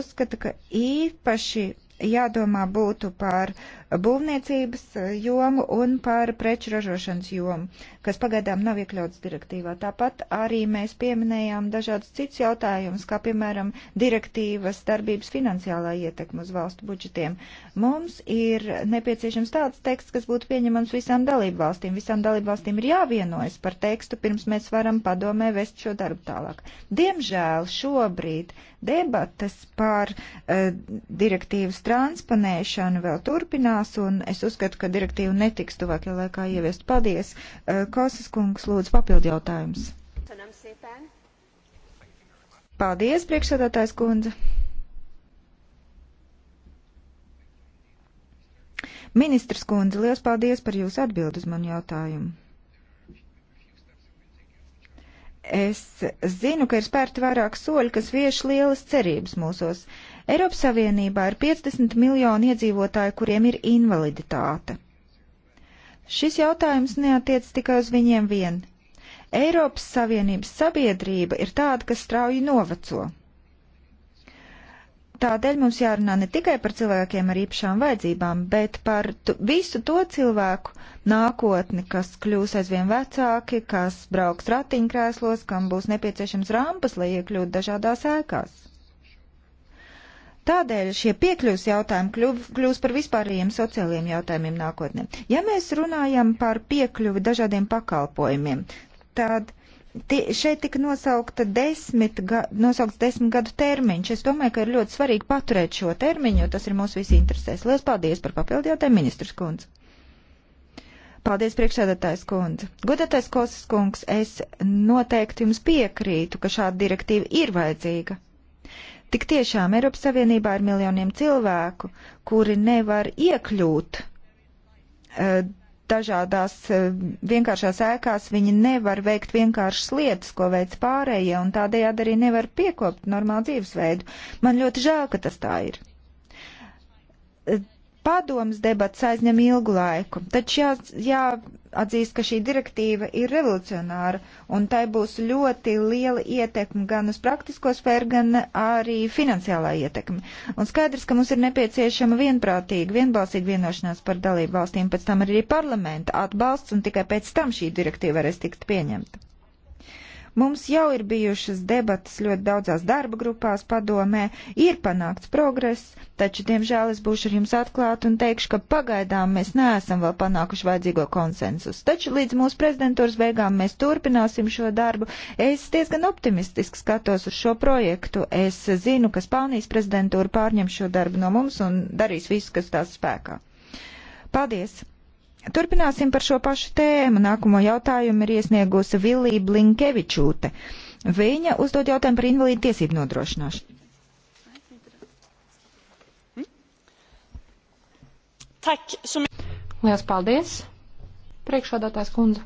C: uzskata, ka īpaši jādomā būtu par būvniecības jomu un par preču ražošanas jomu, kas pagaidām nav iekļauts direktīvā. Tāpat arī mēs pieminējām dažādus cits jautājumus, kā piemēram direktīvas darbības finansiālā ietekma uz valstu budžetiem. Mums ir nepieciešams tāds teksts, kas būtu pieņemams visām dalību valstīm. Visām dalību valstīm ir jāvienojas par tekstu, pirms mēs varam padomē vest šo darbu tālāk. Diemžēl šobrīd Debates par uh, direktīvas transponēšanu vēl turpinās, un es uzskatu, ka direktīva netiks tuvākajā laikā ieviest. Paldies! Uh, Kosas kungs, lūdzu, papildu jautājums. Paldies, priekšsēdētājs kundze! Ministrs kundze, liels paldies par jūsu atbildu uz manu jautājumu! Es zinu, ka ir spērti vairāk soļi, kas vieš lielas cerības mūsos. Eiropas Savienībā ir 50 miljoni iedzīvotāji, kuriem ir invaliditāte. Šis jautājums neatiec tikai uz viņiem vien. Eiropas Savienības sabiedrība ir tāda, kas strauji noveco. Tādēļ mums jārunā ne tikai par cilvēkiem ar īpašām vajadzībām, bet par tu, visu to cilvēku nākotni, kas kļūs aizvien vecāki, kas brauks ratiņkrēslos, kam būs nepieciešams rampas, lai iekļūtu dažādās ēkās. Tādēļ šie piekļuvs jautājumi kļuv, kļūs par vispārējiem sociālajiem jautājumiem nākotnē. Ja mēs runājam par piekļuvi dažādiem pakalpojumiem, tad šeit tika nosaukta desmit, ga, nosaukts desmit gadu termiņš. Es domāju, ka ir ļoti svarīgi paturēt šo termiņu, jo tas ir mūsu visi interesēs. Lielas paldies par papildu jautājumu, ministrs kundze. Paldies, priekšsēdētājs kundze. Godātais Kosas kungs, es noteikti jums piekrītu, ka šāda direktīva ir vajadzīga. Tik tiešām Eiropas Savienībā ir miljoniem cilvēku, kuri nevar iekļūt uh, dažādās eh, vienkāršās ēkās viņi nevar veikt vienkāršas lietas, ko veic pārējie, un tādējādi arī nevar piekopt normālu dzīvesveidu. Man ļoti žēl, ka tas tā ir. Padomas debats aizņem ilgu laiku, taču jā, jāatzīst, ka šī direktīva ir revolucionāra, un tai būs ļoti liela ietekme gan uz praktisko sfēru, gan arī finansiālā ietekme. Un skaidrs, ka mums ir nepieciešama vienprātīga, vienbalsīga vienošanās par dalību valstīm, pēc tam arī parlamenta atbalsts, un tikai pēc tam šī direktīva varēs tikt pieņemta. Mums jau ir bijušas debatas ļoti daudzās darba grupās padomē, ir panākts progress, taču, diemžēl, es būšu ar jums atklāta un teikšu, ka pagaidām mēs neesam vēl panākuši vajadzīgo konsensus. Taču līdz mūsu prezidentūras beigām mēs turpināsim šo darbu. Es diezgan optimistiski skatos uz šo projektu. Es zinu, ka Spānijas prezidentūra pārņem šo darbu no mums un darīs visu, kas tās spēkā. Paldies! Turpināsim par šo pašu tēmu. Nākamo jautājumu ir iesniegusi Vilija Blinkevičūte. Viņa uzdod jautājumu par invalīdu tiesību nodrošināšanu.
A: Lielas paldies, priekšādātājs kundze.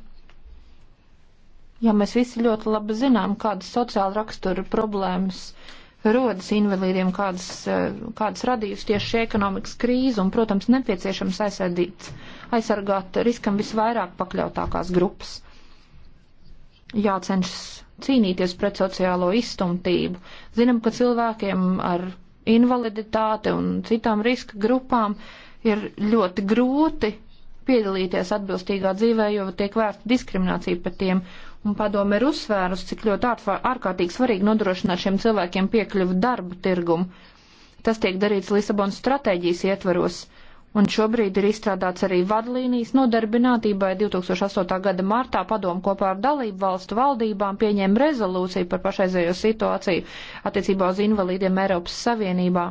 A: Ja mēs visi ļoti labi zinām, kādas sociāla rakstura problēmas uh, rodas invalīdiem, kādas, eh, kādas radījusi tieši šī ekonomikas krīze, un, protams, nepieciešams aizsardīt, aizsargāt riskam visvairāk pakļautākās grupas. Jācenšas cīnīties pret sociālo izstumtību. Zinām, ka cilvēkiem ar invaliditāti un citām riska grupām ir ļoti grūti piedalīties atbilstīgā dzīvē, jo tiek vērsta diskriminācija pret tiem, Un padome ir uzsvērusi, cik ļoti ārkārtīgi svarīgi nodrošināt šiem cilvēkiem piekļuvu darbu tirgumu. Tas tiek darīts Lisabonas stratēģijas ietveros. Un šobrīd ir izstrādāts arī vadlīnijas nodarbinātībai. 2008. gada martā padomu kopā ar dalību valstu valdībām pieņēma rezolūciju par pašreizējo situāciju attiecībā uz invalīdiem Eiropas Savienībā.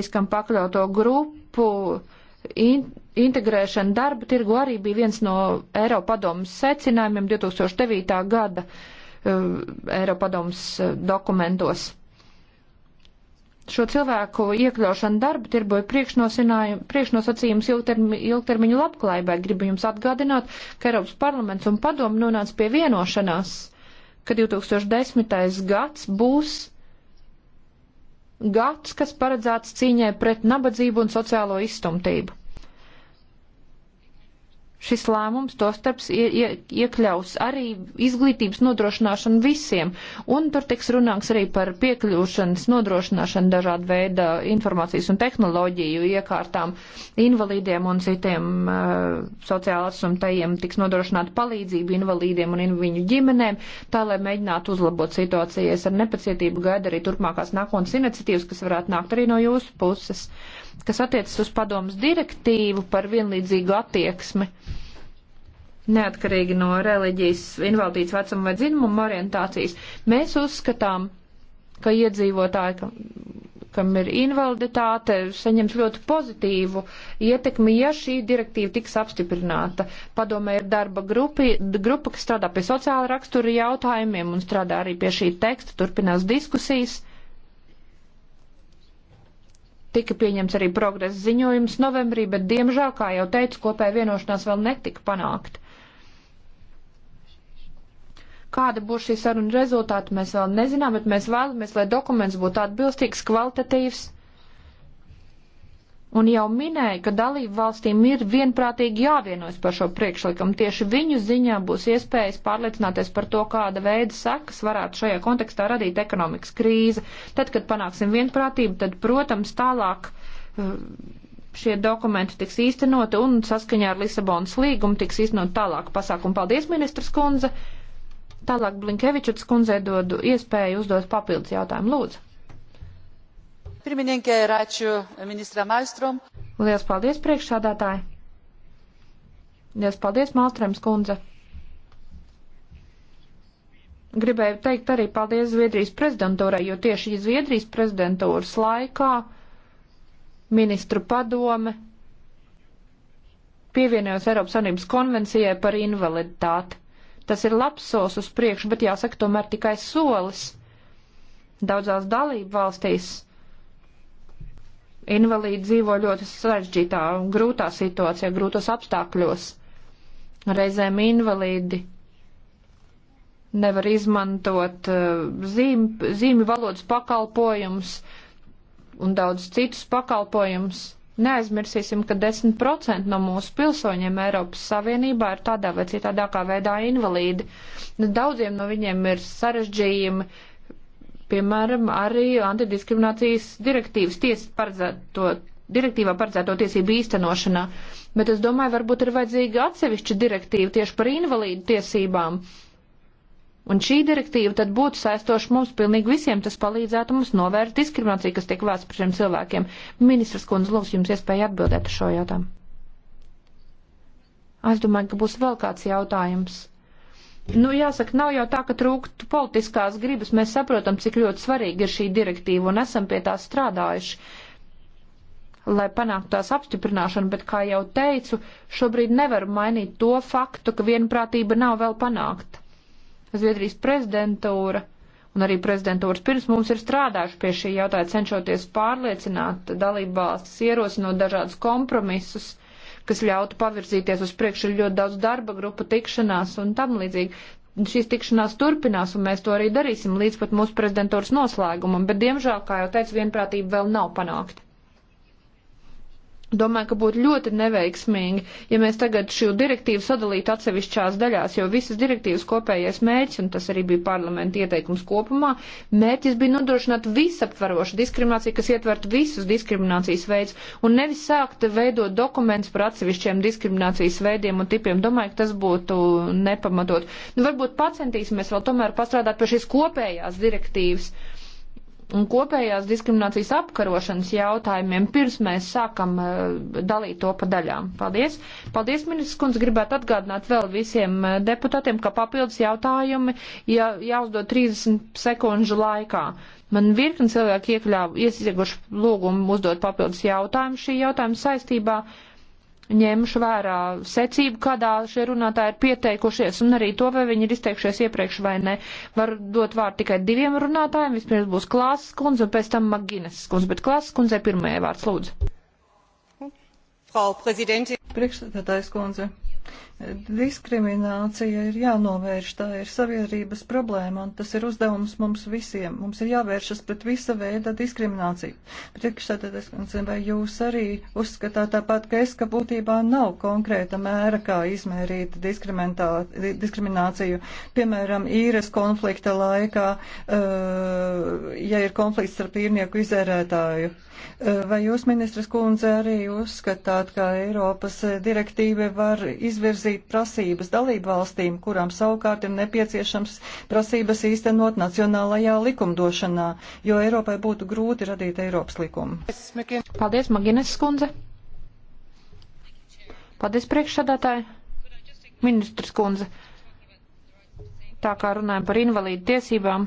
A: Riskam pakļauto grupu in integrēšana darba tirgu arī bija viens no Eiropadomas secinājumiem 2009. gada eh, Eiropadomas eh, dokumentos. Šo cilvēku iekļaušana darba tirgu ir priekšnosacījums ilgtermi, ilgtermiņu labklājībai. Gribu jums atgādināt, ka Eiropas parlaments un padomu nonāca pie vienošanās, ka 2010. gads būs gads, kas paredzēts cīņai pret nabadzību un sociālo izstumtību šis lēmums to starps ie, ie, iekļaus arī izglītības nodrošināšanu visiem, un tur tiks runāts arī par piekļūšanas nodrošināšanu dažādu veidu informācijas un tehnoloģiju iekārtām invalīdiem un citiem uh, sociāli atsumtajiem tiks nodrošināta palīdzība invalīdiem un in viņu ģimenēm, tā lai mēģinātu uzlabot situācijas ar nepacietību gaida arī turpmākās nākotnes iniciatīvas, kas varētu nākt arī no jūsu puses. Uh, kas attiecas uz padomus direktīvu par vienlīdzīgu attieksmi. Neatkarīgi no reliģijas, invaliditātes vecuma vai dzimuma orientācijas, mēs uzskatām, ka iedzīvotāji, ka kam ir invaliditāte, saņems ļoti pozitīvu ietekmi, ja šī direktīva tiks apstiprināta. Padomē ir darba grupi, grupa, kas strādā pie sociāla rakstura jautājumiem un strādā arī pie šī teksta, turpinās diskusijas. Tika pieņems arī progresa ziņojums novembrī, bet diemžēl, kā jau teicu, kopēja vienošanās vēl netika panākt. Kāda būs šī saruna rezultāta, mēs vēl nezinām, bet mēs vēlamies, lai dokuments būtu atbilstīgs, kvalitatīvs un jau minēja, ka dalību valstīm ir vienprātīgi jāvienojas par šo priekšlikumu. Tieši viņu ziņā būs iespējas pārliecināties par to, kāda veida sekas varētu šajā kontekstā radīt ekonomikas krīze. Tad, kad panāksim vienprātību, tad, protams, tālāk uh, šie dokumenti tiks īstenoti un saskaņā ar Lisabonas līgumu tiks īstenot tālāk pasākumu. Paldies, ministrs kundze! Tālāk Blinkevičuts kundzei dodu iespēju uzdot papildus jautājumu. Lūdzu! Pirmininkē, ir ačiū e, ministram Maistrom. Lielas paldies, priekšsādātāji. Lielas paldies, Malstrēms kundze. Gribēju teikt arī paldies Zviedrijas prezidentūrai, jo tieši Zviedrijas prezidentūras laikā ministru padome pievienojos Eiropas Savienības konvencijai par invaliditāti. Tas ir labs solis uz priekšu, bet jāsaka tomēr tikai solis. Daudzās dalību valstīs Invalīdi dzīvo ļoti sarežģītā, grūtā situācijā, grūtos apstākļos. Reizēm invalīdi nevar izmantot eh, zīm, zīmi valodas pakalpojums un daudz citus pakalpojumus. Neaizmirsīsim, ka 10% no mūsu pilsoņiem Eiropas Savienībā ir tādā vai citādākā veidā invalīdi. Nu, daudziem no viņiem ir sarežģījumi piemēram, arī antidiskriminācijas direktīvas tiesas paredzēto direktīvā paredzēto tiesību īstenošanā, bet es domāju, varbūt ir vajadzīga atsevišķa direktīva tieši par invalīdu tiesībām. Un šī direktīva tad būtu saistoša mums pilnīgi visiem, tas palīdzētu mums novērst diskrimināciju, kas tiek vērsta par šiem cilvēkiem. Ministrs Kundze, lūdzu, jums iespēja atbildēt uz šo jautājumu. Es domāju, ka būs vēl kāds jautājums. Nu, jāsaka, nav jau tā, ka trūktu politiskās gribas. Mēs saprotam, cik ļoti svarīga ir šī direktīva un esam pie tā strādājuši, lai panāktu tās apstiprināšanu, bet, kā jau teicu, šobrīd nevar mainīt to faktu, ka vienprātība nav vēl panākta. Zviedrijas prezidentūra un arī prezidentūras pirms mums ir strādājuši pie šī jautājuma, cenšoties pārliecināt dalībvalstis, ierosinot dažādus kompromisus kas ļautu pavirzīties uz priekšu. Ir ļoti daudz darba grupu tikšanās un tam līdzīgi. Šīs tikšanās turpinās, un mēs to arī darīsim līdz pat mūsu prezidentūras noslēgumam, bet, diemžēl, kā jau teicu, vienprātība vēl nav panākta. Domāju, ka būtu ļoti neveiksmīgi, ja mēs tagad šo direktīvu sadalītu atsevišķās daļās, jo visas direktīvas kopējais mērķis, un tas arī bija parlamenta ieteikums kopumā, mērķis bija nodrošināt visaptvarošu diskrimināciju, kas ietvert visus diskriminācijas veids, un nevis sākt veidot dokumentus par atsevišķiem diskriminācijas veidiem un tipiem. Domāju, ka tas būtu nepamatot. Nu, varbūt pacentīsimies vēl tomēr pastrādāt pie šīs kopējās direktīvas un kopējās diskriminācijas apkarošanas jautājumiem, pirms mēs sākam uh, dalīt to pa daļām. Paldies! Paldies, ministrs kundze, gribētu atgādināt vēl visiem uh, deputātiem, ka papildus jautājumi jā, jāuzdod 30 sekundžu laikā. Man virkni cilvēki iekļāvu iesieguši lūgumu uzdot papildus jautājumu šī jautājuma saistībā. Uh, ņemšu vērā secību, kādā šie runātāji ir pieteikušies, un arī to, vai viņi ir izteikšies iepriekš vai ne. Var dot vārdu tikai diviem runātājiem, vispirms būs Klāsas kundze un pēc tam Maginas kundze, bet Klāsas kundzei pirmajai vārds lūdzu.
B: Frau Präsidentin. Priekšsēdētājs kundze. Diskriminācija ir jānovērš, tā ir sabiedrības problēma, un tas ir uzdevums mums visiem. Mums ir jāvēršas pret visa veida diskrimināciju. Priekšsēdētājs, vai jūs arī uzskatāt tāpat, ka es, ka būtībā nav konkrēta mēra, kā izmērīt diskrimināciju. Piemēram, īres konflikta laikā, eh, ja ir konflikts starp īrnieku izērētāju. Eh, vai jūs, ministras kundze, arī uzskatāt, ka Eiropas direktīva var izvirzīt izvirzīt prasības dalību valstīm, kurām savukārt ir nepieciešams prasības īstenot nacionālajā likumdošanā, jo Eiropai būtu grūti radīt Eiropas likumu.
A: Paldies, Magines skundze. Paldies, priekšsādātāji. Ministrs skundze. Tā kā runājam par invalīdu tiesībām,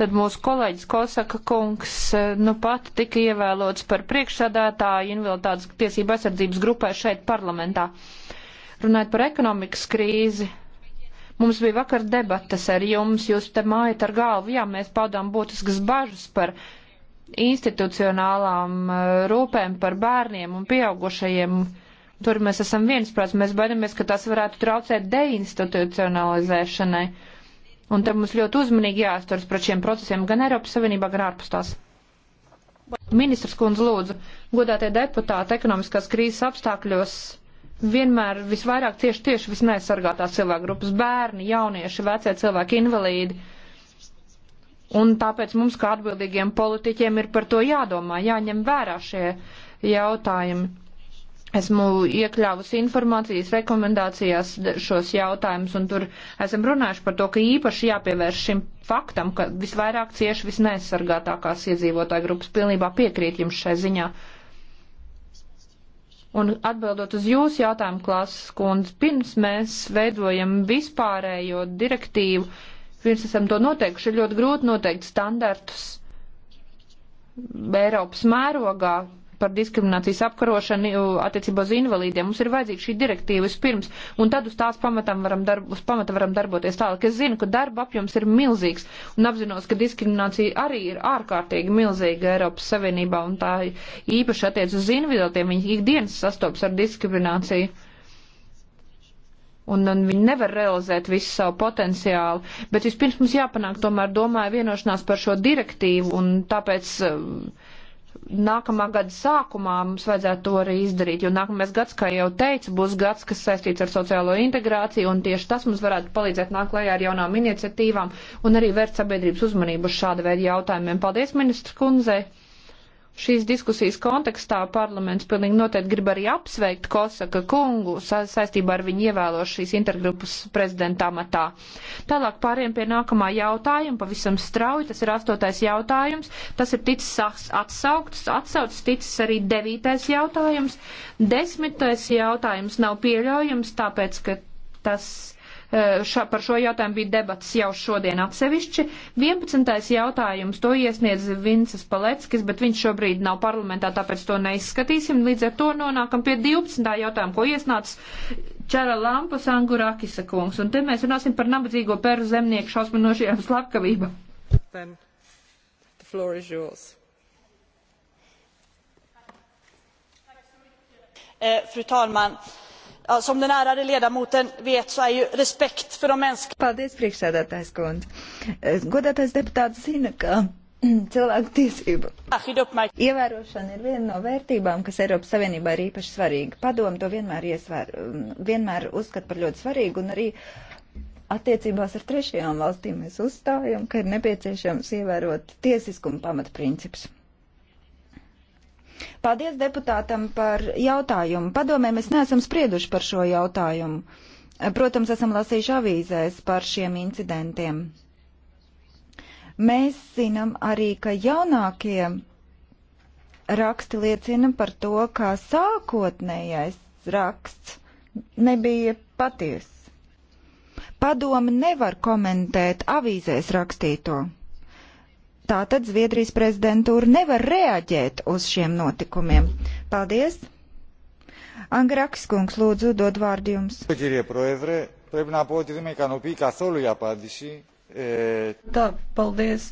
A: tad mūsu kolēģis Kosaka kungs eh, nu pat tika ievēlots par priekšsādātāju invaliditātes tiesību aizsardzības grupai šeit parlamentā. Uh, Runājot par ekonomikas krīzi, Mums bija vakar debatas ar jums, jūs te mājat ar galvu, jā, mēs paudām būtiskas bažas par institucionālām eh, rūpēm par bērniem un pieaugušajiem. Tur mēs esam viensprāts, mēs baidamies, ka tas varētu traucēt deinstitucionalizēšanai. Un te mums ļoti uzmanīgi jāizturas pret šiem procesiem gan Eiropas Savienībā, gan ārpus tās. Ministrs kundze lūdzu, godātie deputāti, ekonomiskās krīzes apstākļos vienmēr visvairāk tieši tieši visneaizsargātās cilvēku grupas - bērni, jaunieši, vecie cilvēki, invalīdi. Un tāpēc mums, kā atbildīgiem politiķiem, ir par to jādomā, jāņem vērā šie jautājumi. Esmu iekļāvusi informācijas rekomendācijās šos jautājumus, un tur esam runājuši par to, ka īpaši jāpievērš šim faktam, ka visvairāk cieši visneaizsargātākās iedzīvotāju grupas pilnībā piekrīt jums šai ziņā. Uh, Un atbildot uz jūsu jautājumu, klases kundze, pirms mēs veidojam vispārējo direktīvu, pirms esam to noteikuši, ir ļoti grūti noteikt standartus Eiropas mērogā, par diskriminācijas apkarošanu attiecībā uz invalīdiem. Mums ir vajadzīga šī direktīva vispirms, un tad uz tās pamatām varam, darb, uz pamata varam darboties tālāk. Es zinu, ka darba apjoms ir milzīgs, un apzinos, ka diskriminācija arī ir ārkārtīgi milzīga Eiropas Savienībā, un tā īpaši attiec uz invalīdiem. Viņi ikdienas sastopas ar diskrimināciju un, un viņi nevar realizēt visu savu potenciālu. Bet vispirms mums jāpanāk tomēr domāja vienošanās par šo direktīvu, un tāpēc uh, nākamā gada sākumā mums vajadzētu to arī izdarīt, jo nākamais gads, kā jau teicu, būs gads, kas saistīts ar sociālo integrāciju, un tieši tas mums varētu palīdzēt nākt klajā ar jaunām iniciatīvām un arī vērt sabiedrības uzmanību uz šāda veida jautājumiem. Paldies, ministrs Kunzei! šīs diskusijas kontekstā parlaments pilnīgi noteikti grib arī apsveikt Kosaka kungu sa saistībā ar viņu ievēlos šīs intergrupas prezidenta amatā. Tālāk pāriem pie nākamā jautājuma, pavisam strauji, tas ir astotais jautājums, tas ir ticis atsaukts, atsaukts ticis arī devītais jautājums, desmitais jautājums nav pieļaujams, tāpēc, ka tas Eh, Šā, par šo jautājumu bija debats jau šodien atsevišķi. 11. jautājums to iesniedz Vinces Paleckis, bet viņš šobrīd nav parlamentā, tāpēc to neizskatīsim. Līdz ar to nonākam pie 12. jautājuma, ko iesnāc Čara Lampa Sangurakisa kungs. Un te mēs runāsim par nabadzīgo peru zemnieku šausminošajām slepkavībām.
B: Then the floor is yours. Eh, fru talman! Som den ärade ledamoten vet, så är ju respekt för de mänskliga...
C: Paldies, priekšsēdētājs kundze. Eh, godātais deputāts zina, ka mm, cilvēku tiesību. Ah, ievērošana ir viena no vērtībām, kas Eiropas Savienībā ir īpaši svarīga. Padomu to vienmēr, iesvēr, mm, vienmēr uzskat par ļoti svarīgu un arī attiecībās ar trešajām valstīm mēs uzstājam, ka ir nepieciešams ievērot tiesiskuma pamatprincips. Paldies deputātam par jautājumu. Padomē, mēs neesam sprieduši par šo jautājumu. Protams, esam lasījuši avīzēs par šiem incidentiem. Mēs zinām arī, ka jaunākie raksti liecina par to, ka sākotnējais raksts nebija patiesa. Padoma nevar komentēt avīzēs rakstīto. Tātad Zviedrijas prezidentūra nevar reaģēt uz šiem notikumiem. Paldies! Angrakis kungs, lūdzu,
B: dod vārdu jums. Tā, paldies.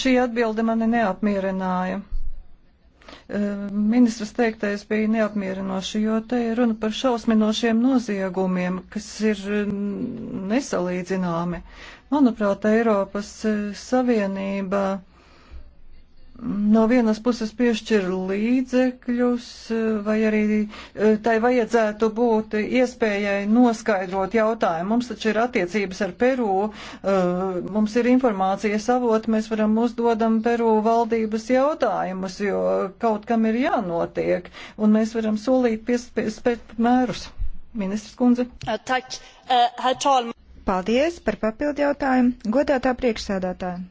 B: Šī atbilde mani neapmierināja. Ministrs teiktais bija neapmierinoši, jo te ir runa par šausminošiem noziegumiem, kas ir mm, nesalīdzināmi. Manuprāt, Eiropas e, Savienība no vienas puses piešķir līdzekļus, e, vai arī e, tai vajadzētu būt iespējai noskaidrot jautājumu. Mums taču ir attiecības ar Peru, mums ir informācijas avot, mēs varam uzdodam Peru valdības jautājumus, jo kaut kam ir jānotiek, un mēs varam solīt piespērt mērus. Ministrs kundze. Tack, herr talman. Paldies par papildu jautājumu.
C: Godātā priekšsēdētāja.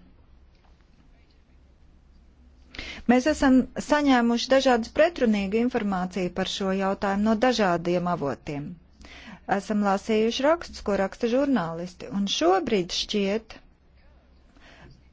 C: Mēs esam saņēmuši dažādas pretrunīgu informāciju par šo jautājumu no dažādiem avotiem. Esam lasījuši rakstus, ko raksta žurnālisti, un šobrīd šķiet,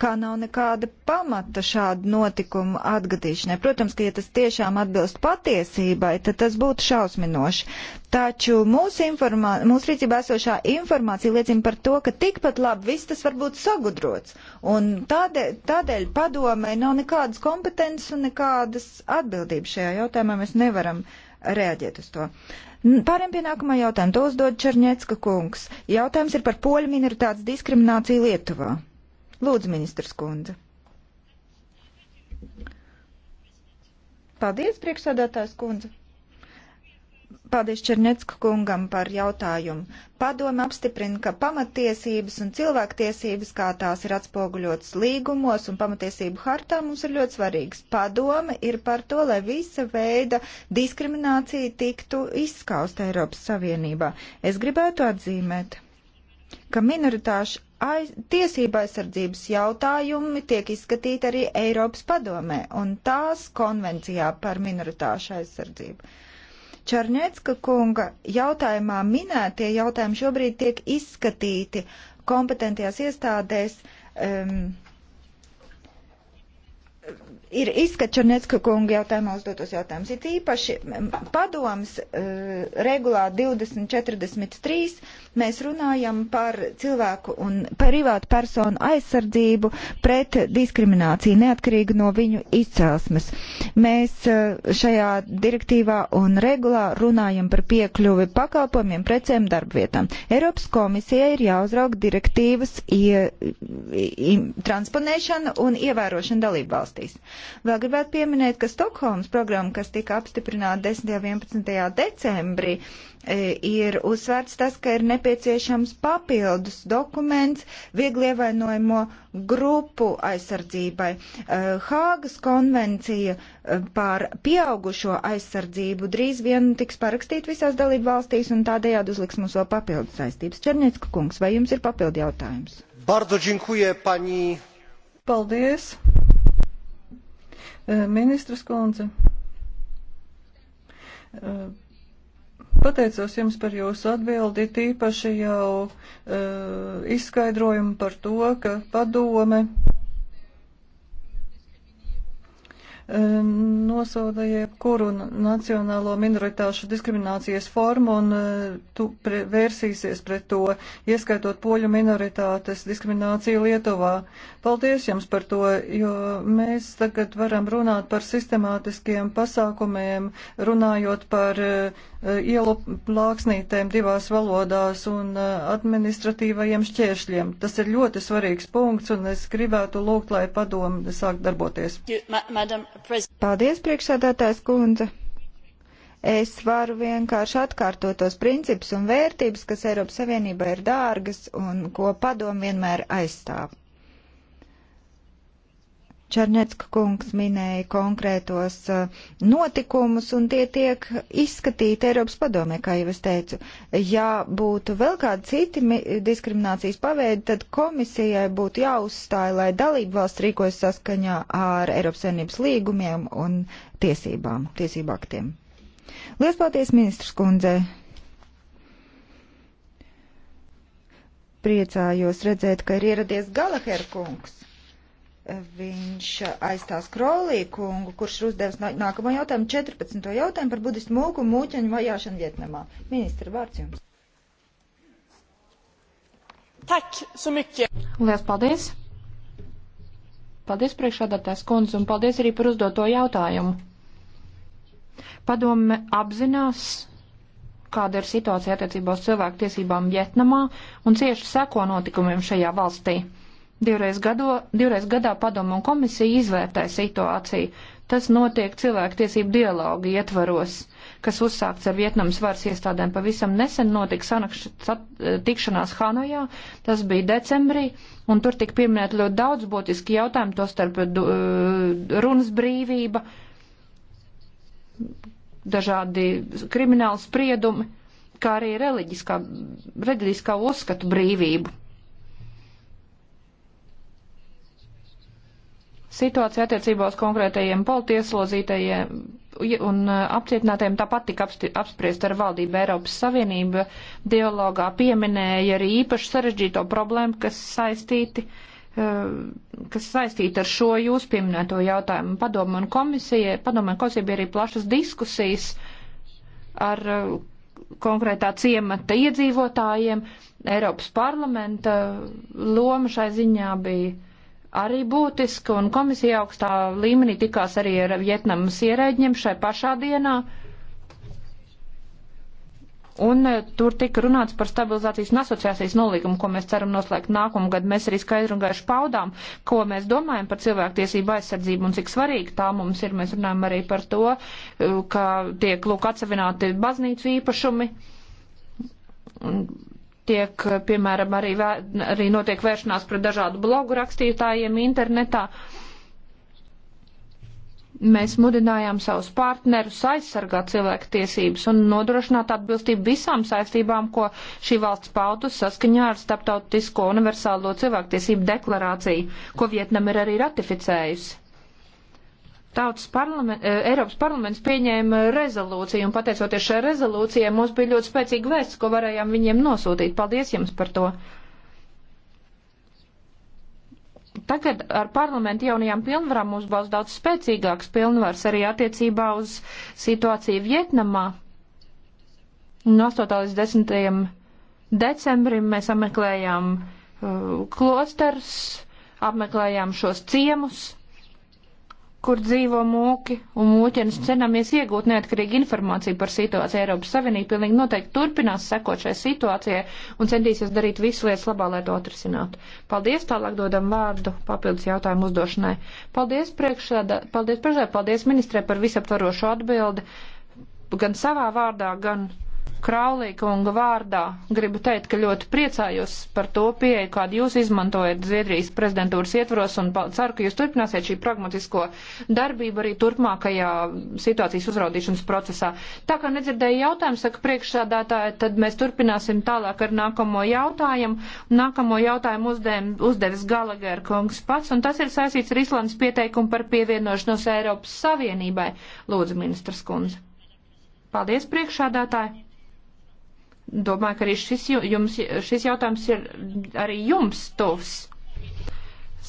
C: ka nav nekāda pamata šādu notikumu atgadīšanai. Protams, ka ja tas tiešām atbilst patiesībai, tad tas būtu šausminoši. Taču mūsu, informā... mūsu rīcībā esošā informācija liecina par to, ka tikpat labi viss tas var būt sagudrots. Un tādēļ, tādēļ padomē nav nekādas kompetences un nekādas atbildības šajā jautājumā. Mēs nevaram reaģēt uz to. Pāriem pie nākamā jautājuma. To uzdod Černiecka kungs. Jautājums ir par poļu minoritātes diskrimināciju Lietuvā. Lūdzu, ministrs kundze. Paldies, priekšsādātājs kundze. Paldies Černecka kungam par jautājumu. Padoma apstiprina, ka pamatiesības un cilvēktiesības, kā tās ir atspoguļotas līgumos un pamatiesību hartā, mums ir ļoti svarīgas. Padoma ir par to, lai visa veida diskriminācija tiktu izskausta Eiropas Savienībā. Es gribētu atzīmēt ka minoritāšu aiz, tiesība aizsardzības jautājumi tiek izskatīti arī Eiropas padomē un tās konvencijā par minoritāšu aizsardzību. Čarņecka kunga jautājumā minētie jautājumi šobrīd tiek izskatīti kompetentajās iestādēs. Um, ir izskats Černecka kunga jautājumā uzdotos jautājumus. It īpaši padoms uh, regulā 2043 mēs runājam par cilvēku un privātu personu aizsardzību pret diskrimināciju neatkarīgi no viņu izcelsmes. Mēs uh, šajā direktīvā un regulā runājam par piekļuvi pakalpojumiem, precēm, darbvietām. Eiropas komisija ir jāuzraug direktīvas ie, i, i, transponēšana un ievērošana dalībvalsts valstīs. Vēl gribētu pieminēt, ka Stokholmas programma, kas tika apstiprināta 10. un 11. decembrī, e, ir uzsvērts tas, ka ir nepieciešams papildus dokuments viegli ievainojamo grupu aizsardzībai. E, Hāgas konvencija e, par pieaugušo aizsardzību drīz vien tiks parakstīt visās dalību valstīs un tādējādi uzliks mums vēl papildus saistības. Černiecka kungs, vai jums ir papildu jautājums?
B: Bardzo dziękuję pani. Paldies. Eh, ministras kundze, eh, pateicos jums par jūsu atbildi, tīpaši jau eh, izskaidrojumu par to, ka padome Ehm, nosoda jebkuru nacionālo minoritāšu diskriminācijas formu un eh, tu pre, vērsīsies pret to, ieskaitot poļu minoritātes diskrimināciju Lietuvā. Paldies jums par to, jo mēs tagad varam runāt par sistemātiskiem pasākumiem, runājot par uh, Eh, ielu plāksnītēm divās valodās un eh, administratīvajiem šķēršļiem. Tas ir ļoti svarīgs punkts, un es gribētu lūgt, lai padomu sāk darboties.
C: Paldies, priekšsēdētājs kundze! Es varu vienkārši atkārtot tos principus un vērtības, kas Eiropas Savienībā ir dārgas un ko padomu vienmēr aizstāv. Černetska kungs minēja konkrētos eh, notikumus, un tie tiek izskatīti Eiropas padomē, kā jau es teicu. Ja būtu vēl kādi citi diskriminācijas paveidi, tad komisijai būtu jāuzstāja, lai dalību valsts rīkojas saskaņā ar Eiropas saimnības līgumiem un tiesībām, tiesību aktiem. Lielas paldies, ministrs kundzei! Priecājos redzēt, ka ir ieradies Galaher kungs. Viņš aizstās Krolī kungu, kurš ir uzdevis nākamo jautājumu, 14. jautājumu par budistu mūku mūķaņu vajāšanu Vietnamā. Ministra, vārds jums.
A: Tak, sumikļi. Lielas paldies. Paldies priekšādātājs kundze un paldies arī par uzdoto jautājumu. Padome apzinās, kāda ir situācija attiecībā uz cilvēku tiesībām Vietnamā un cieši seko notikumiem šajā valstī. Divreiz, gado, divreiz gadā padomu un komisija izvērtē situāciju. Tas notiek cilvēktiesību dialogu ietvaros, kas uzsākts ar Vietnams varas iestādēm. Pavisam nesen notika sanakš, sat, eh, tikšanās Hanojā, tas bija decembrī, un tur tika pieminēt ļoti daudz būtiski jautājumi, to starp eh, eh, runas brīvība, dažādi krimināli spriedumi, kā arī reliģiskā, reliģiskā uzskatu brīvību. Situācija attiecībā uz konkrētajiem politieslodzītajiem un uh, apcietinātajiem tāpat tika apspriest ar valdību Eiropas Savienība. Dialogā pieminēja arī īpaši sarežģīto problēmu, kas saistīti uh, kas saistīta ar šo jūs pieminēto jautājumu. Padomu un komisija, padomu un komisija bija arī plašas diskusijas ar uh, konkrētā ciemata iedzīvotājiem. Eiropas parlamenta loma šai ziņā bija arī būtiska, un komisija augstā līmenī tikās arī ar Vietnamas ierēģiem šai pašā dienā. Un e, tur tika runāts par stabilizācijas un asociācijas nolīgumu, ko mēs ceram noslēgt nākamgad. Mēs arī skaidri un gaiši paudām, ko mēs domājam par cilvēktiesību aizsardzību un cik svarīgi tā mums ir. Mēs runājam arī par to, e, ka tiek lūk atsevināti baznīcu īpašumi tiek, piemēram, arī, vēr, arī notiek vēršanās pret dažādu blogu rakstītājiem internetā. Mēs mudinājām savus partnerus aizsargāt cilvēku tiesības un nodrošināt atbilstību visām saistībām, ko šī valsts paudusi saskaņā ar Starptautisko universālo cilvēktiesību deklarāciju, ko Vietnam ir arī ratificējusi. Tautas parlament, eh, Eiropas parlaments pieņēma rezolūciju, un pateicoties šai rezolūcijai mums bija ļoti spēcīga vēsts, ko varējām viņiem nosūtīt. Paldies jums par to! Tagad ar parlamentu jaunajām pilnvarām mums būs daudz spēcīgāks pilnvars arī attiecībā uz situāciju Vietnamā. No 8. līdz 10. decembrim mēs apmeklējām uh, klosters, apmeklējām šos ciemus kur dzīvo mūki un mūķenes, cenamies iegūt neatkarīgu informāciju par situāciju Eiropas Savienība. Pilnīgi noteikti turpinās sekot šai situācijai un centīsies darīt visu lietas labā, lai to atrisinātu. Paldies, tālāk dodam vārdu papildus jautājumu uzdošanai. Paldies priekšsēdā, paldies priekšsēdā, paldies ministrē par visaptvarošu atbildi, gan savā vārdā, gan Kraulīkunga vārdā gribu teikt, ka ļoti priecājos par to pieeju, kādu jūs izmantojat Zviedrijas prezidentūras ietvaros un ceru, ka jūs turpināsiet šī pragmatisko darbību arī turpmākajā situācijas uzraudīšanas procesā. Tā kā nedzirdēju jautājumu, saka priekšsādātāja, tad mēs turpināsim tālāk ar nākamo jautājumu. Nākamo jautājumu uzdēm, uzdevis Galagēra kungs pats, un tas ir saistīts ar Islandas pieteikumu par pievienošanos Eiropas Savienībai. Lūdzu, ministrs kundze. Paldies, priekšādātāji! Domāju, ka arī šis, jums, šis jautājums ir arī jums tuvs.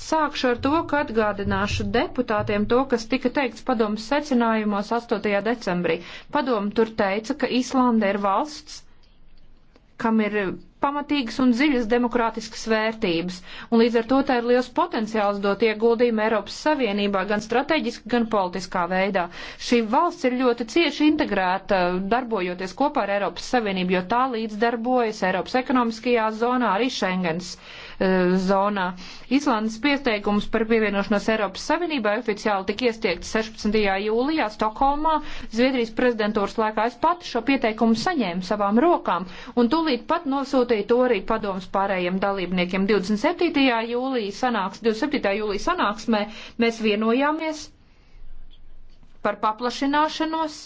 A: Sākšu ar to, ka atgādināšu deputātiem to, kas tika teikts padomas secinājumos 8. decembrī. Padoma tur teica, ka Īslanda ir valsts, kam ir pamatīgas un dziļas demokrātiskas vērtības, un līdz ar to tā ir liels potenciāls dot ieguldījumu Eiropas Savienībā gan strateģiski, gan politiskā veidā. Šī valsts ir ļoti cieši integrēta, darbojoties kopā ar Eiropas Savienību, jo tā līdzdarbojas Eiropas ekonomiskajā zonā arī Schengens. Uh, Eh, zonā. Islandes pieteikums par pievienošanos Eiropas Savienībai oficiāli tika iestiegts 16. jūlijā Stokholmā. Zviedrijas prezidentūras laikā es pati šo pieteikumu saņēmu savām rokām un tūlīt pat nosūtīju to arī padomus pārējiem dalībniekiem. 27. jūlijā sanāks, 27. jūlijā sanāksmē mēs vienojāmies par paplašināšanos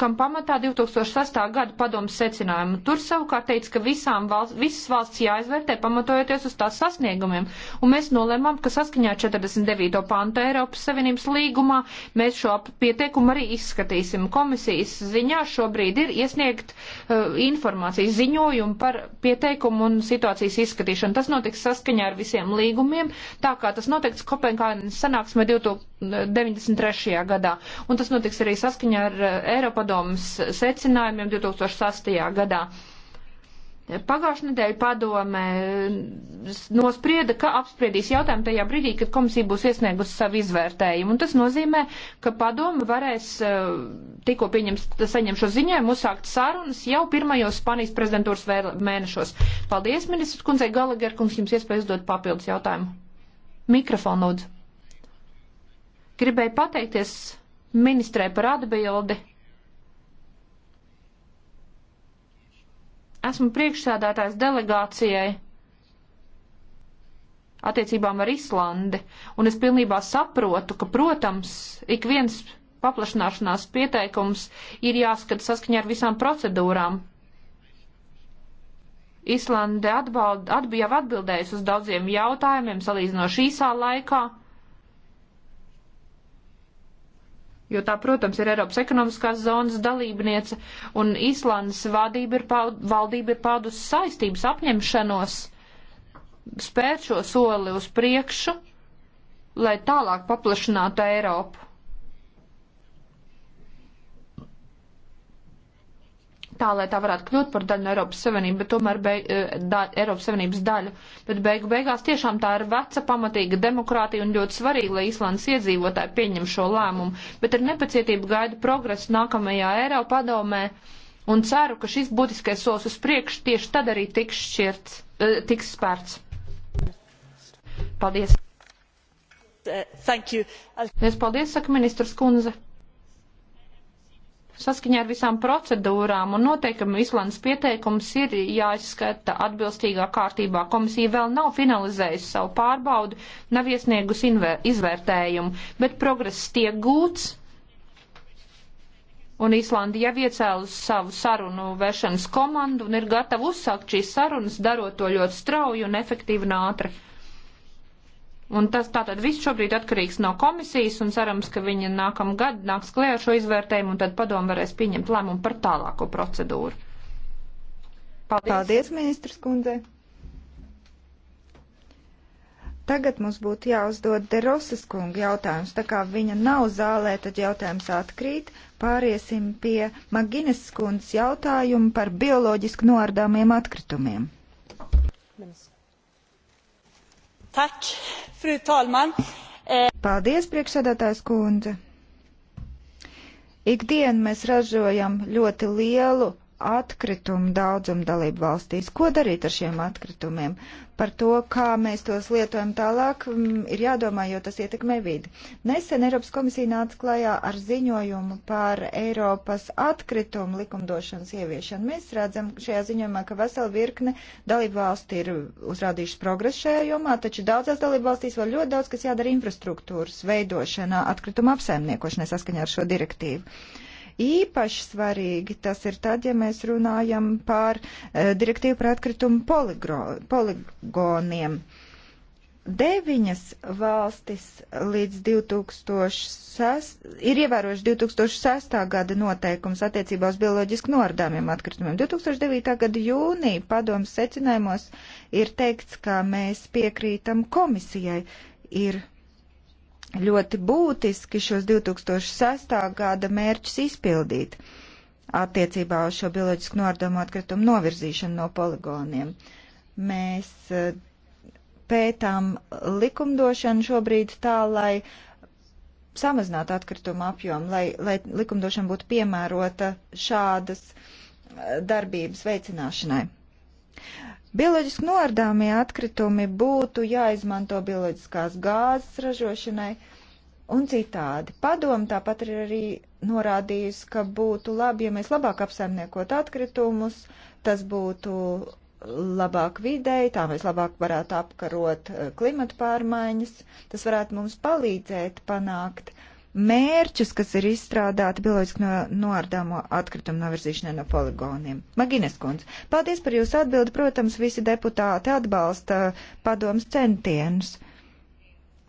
A: kam pamatā 2008. gada padomu secinājumu. Tur savukārt teica, ka visām valsts, visas valsts jāizvērtē pamatojoties uz tās sasniegumiem, un mēs nolēmām, ka saskaņā 49. panta Eiropas Savienības līgumā mēs šo pieteikumu arī izskatīsim. Komisijas ziņā šobrīd ir iesniegt uh, informācijas ziņojumu par pieteikumu un situācijas izskatīšanu. Tas notiks saskaņā ar visiem līgumiem, tā kā tas notiks Kopenhāgenes sanāksmē 2000. 93. gadā, un tas notiks arī saskaņā ar eh, Eiropadomas secinājumiem 2008. gadā. Pagājušā nedēļa padome eh, nosprieda, ka apspriedīs jautājumu tajā brīdī, kad komisija būs iesniegusi savu izvērtējumu. Un tas nozīmē, ka padome varēs eh, tikko pieņems, saņem šo ziņojumu, uzsākt sarunas jau pirmajos Spanijas prezidentūras vēl, mēnešos. Paldies, ministrs kundzei Galagerkungs, jums iespēja uzdot papildus jautājumu. Mikrofonu lūdzu. Gribēju pateikties ministrē par atbildi. Esmu priekšsēdētājs delegācijai attiecībām ar Islandi, un es pilnībā saprotu, ka, protams, ik viens paplašanāšanās pieteikums ir jāskata saskaņā ar visām procedūrām. Islande atbild, atbild, jau atbildējusi uz daudziem jautājumiem salīdzinoši īsā laikā. jo tā, protams, ir Eiropas ekonomiskās zonas dalībniece, un Īslandes vadība ir paud, valdība ir paudusi saistības apņemšanos spērt šo soli uz priekšu, lai tālāk paplašinātu Eiropu. tā, lai tā varētu kļūt par daļu no Eiropas Savienības, bet tomēr beig, eh, da, Eiropas Savienības daļu. Bet beigu beigās tiešām tā ir veca pamatīga demokrātija un ļoti svarīgi, lai Īslandes iedzīvotāji pieņem šo lēmumu. Bet ar nepacietību gaidu progresu nākamajā Eiropa padomē un ceru, ka šis būtiskais solis uz priekšu tieši tad arī tiks šķirts, eh, tiks spērts. Paldies! Thank you. Es paldies, saka ministrs Kunze. Saskaņā ar visām procedūrām un noteikumiem Islandas pieteikums ir jāizskata atbilstīgā kārtībā. Komisija vēl nav finalizējusi savu pārbaudu, nav iesniegusi izvērtējumu, bet progress tiek gūts. Un Islanda jau iecēlus savu sarunu vēršanas komandu un ir gatava uzsākt šīs sarunas, darot to ļoti strauju un efektīvu un ātri. Un tas tātad viss šobrīd atkarīgs no komisijas un cerams, ka viņa nākamgad nāks klējā šo izvērtējumu un tad padomu varēs pieņemt lēmumu par tālāko procedūru.
C: Paldies, Paldies ministrs kundze. Tagad mums būtu jāuzdod Derosas kunga jautājums. Tā kā viņa nav zālē, tad jautājums atkrīt. Pāriesim pie Maginas kundas jautājumu par bioloģiski noardāmiem atkritumiem.
B: Ministrs. Tak, fru talman. Eh,
C: Paldies, priekšsēdētājs kundze. Ikdien mēs ražojam ļoti lielu atkritumu daudzumu dalību valstīs. Ko darīt ar šiem atkritumiem? par to, kā mēs tos lietojam tālāk, mm, ir jādomā, jo tas ietekmē vidi. Nesen Eiropas komisija nāca klajā ar ziņojumu par Eiropas atkritumu likumdošanas ieviešanu. Mēs redzam šajā ziņojumā, ka vesela virkne dalību valsti ir uzrādījušas progresu šajā jomā, taču daudzās dalību valstīs vēl ļoti daudz, kas jādara infrastruktūras veidošanā, atkrituma apsaimniekošanai saskaņā ar šo direktīvu. Īpaši svarīgi tas ir tad, ja mēs runājam par eh, direktīvu par atkritumu poligro, poligoniem deviņas valstis līdz 2006, ir ievērojuši 2006. gada noteikums attiecībā uz bioloģiski noardāmiem atkritumiem. 2009. gada jūnija padomas secinājumos ir teikts, ka mēs piekrītam komisijai, ir ļoti būtiski šos 2006. gada mērķus izpildīt attiecībā uz šo bioloģisku nodomu atkritumu novirzīšanu no poligoniem. Mēs eh, pētām likumdošanu šobrīd tā, lai samazinātu atkritumu apjomu, lai, lai likumdošana būtu piemērota šādas eh, darbības veicināšanai. Bioloģiski noardāmie atkritumi būtu jāizmanto bioloģiskās gāzes ražošanai un citādi. Padomu tāpat ir arī norādījusi, ka būtu labi, ja mēs labāk apsaimniekot atkritumus, tas būtu labāk videi, tā mēs labāk varētu apkarot eh, klimatu pārmaiņas, tas varētu mums palīdzēt panākt mērķus, kas ir izstrādāti bioloģiski no, noārdāmo atkritumu novirzīšanai no poligoniem. Magines kundze, paldies par jūsu atbildi. Protams, visi deputāti atbalsta padomus centienus.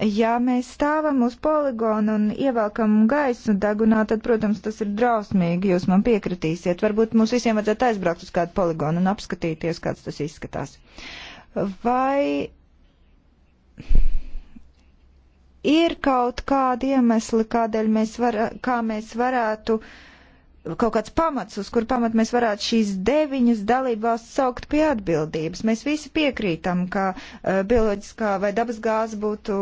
C: Ja mēs stāvam uz poligonu un ievelkam gaisu dagunā, tad, protams, tas ir drausmīgi, jūs man piekritīsiet. Varbūt mums visiem vajadzētu aizbraukt uz kādu poligonu un apskatīties, kāds tas izskatās. Vai ir kaut kādi iemesli, kādēļ mēs, var, kā mēs varētu, kaut kāds pamats, uz kur pamat mēs varētu šīs deviņas dalībvalsts saukt pie atbildības. Mēs visi piekrītam, ka uh, bioloģiskā vai dabas gāze būtu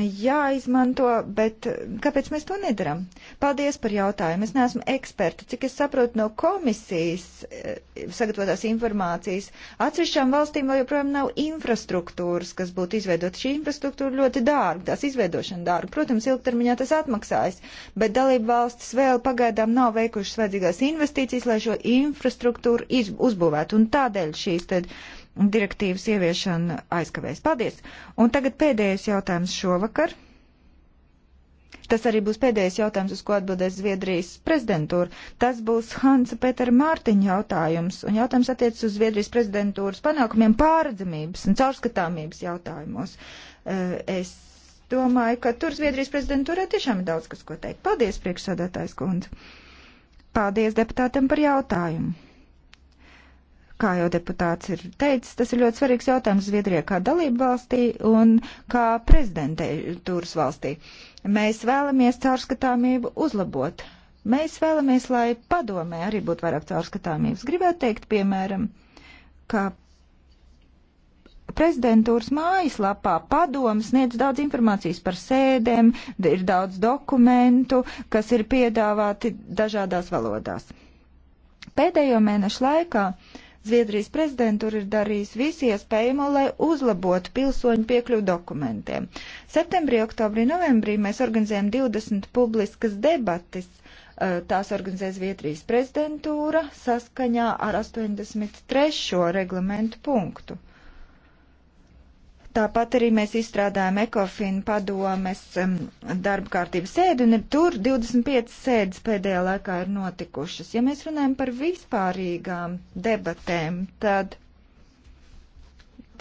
C: jāizmanto, bet kāpēc mēs to nedaram? Paldies par jautājumu. Es neesmu eksperta. Cik es saprotu no komisijas eh, sagatavotās informācijas, atsevišķām valstīm vēl joprojām nav infrastruktūras, kas būtu izveidota. Šī infrastruktūra ļoti dārga, tās izveidošana dārga. Protams, ilgtermiņā tas atmaksājas, bet dalība valstis vēl pagaidām nav veikušas vajadzīgās investīcijas, lai šo infrastruktūru uzbūvētu. Un tādēļ šīs tad. Te direktīvas ieviešana aizkavēs. Paldies! Un tagad pēdējais jautājums šovakar. Tas arī būs pēdējais jautājums, uz ko atbildēs Zviedrijas prezidentūra. Tas būs Hansa Petera Mārtiņa jautājums, un jautājums attiecas uz Zviedrijas prezidentūras panākumiem pārredzamības un caurskatāmības jautājumos. Eh, es domāju, ka tur Zviedrijas prezidentūrā tiešām ir daudz kas ko teikt. Paldies, priekšsādātājs kundze! Paldies deputātam par jautājumu! kā jau deputāts ir teicis, tas ir ļoti svarīgs jautājums Zviedrijai kā dalību valstī un kā prezidentūras valstī. Mēs vēlamies caurskatāmību uzlabot. Mēs vēlamies, lai padomē arī būtu vairāk caurskatāmības. Gribētu teikt, piemēram, ka prezidentūras mājaslapā padomas sniedz daudz informācijas par sēdēm, ir daudz dokumentu, kas ir piedāvāti dažādās valodās. Pēdējo mēnešu laikā uh, Zviedrijas prezidentūra ir darījusi visu iespējamo, lai uzlabotu pilsoņu piekļuvu dokumentiem. Septembrī, oktobrī, novembrī mēs organizējam 20 publiskas debatis. Tās organizē Zviedrijas prezidentūra saskaņā ar 83. reglamentu punktu. Tāpat arī mēs izstrādājam Ekofina padomes darba kārtības sēdi, un tur 25 sēdes pēdējā laikā ir notikušas. Ja mēs runājam par vispārīgām debatēm, tad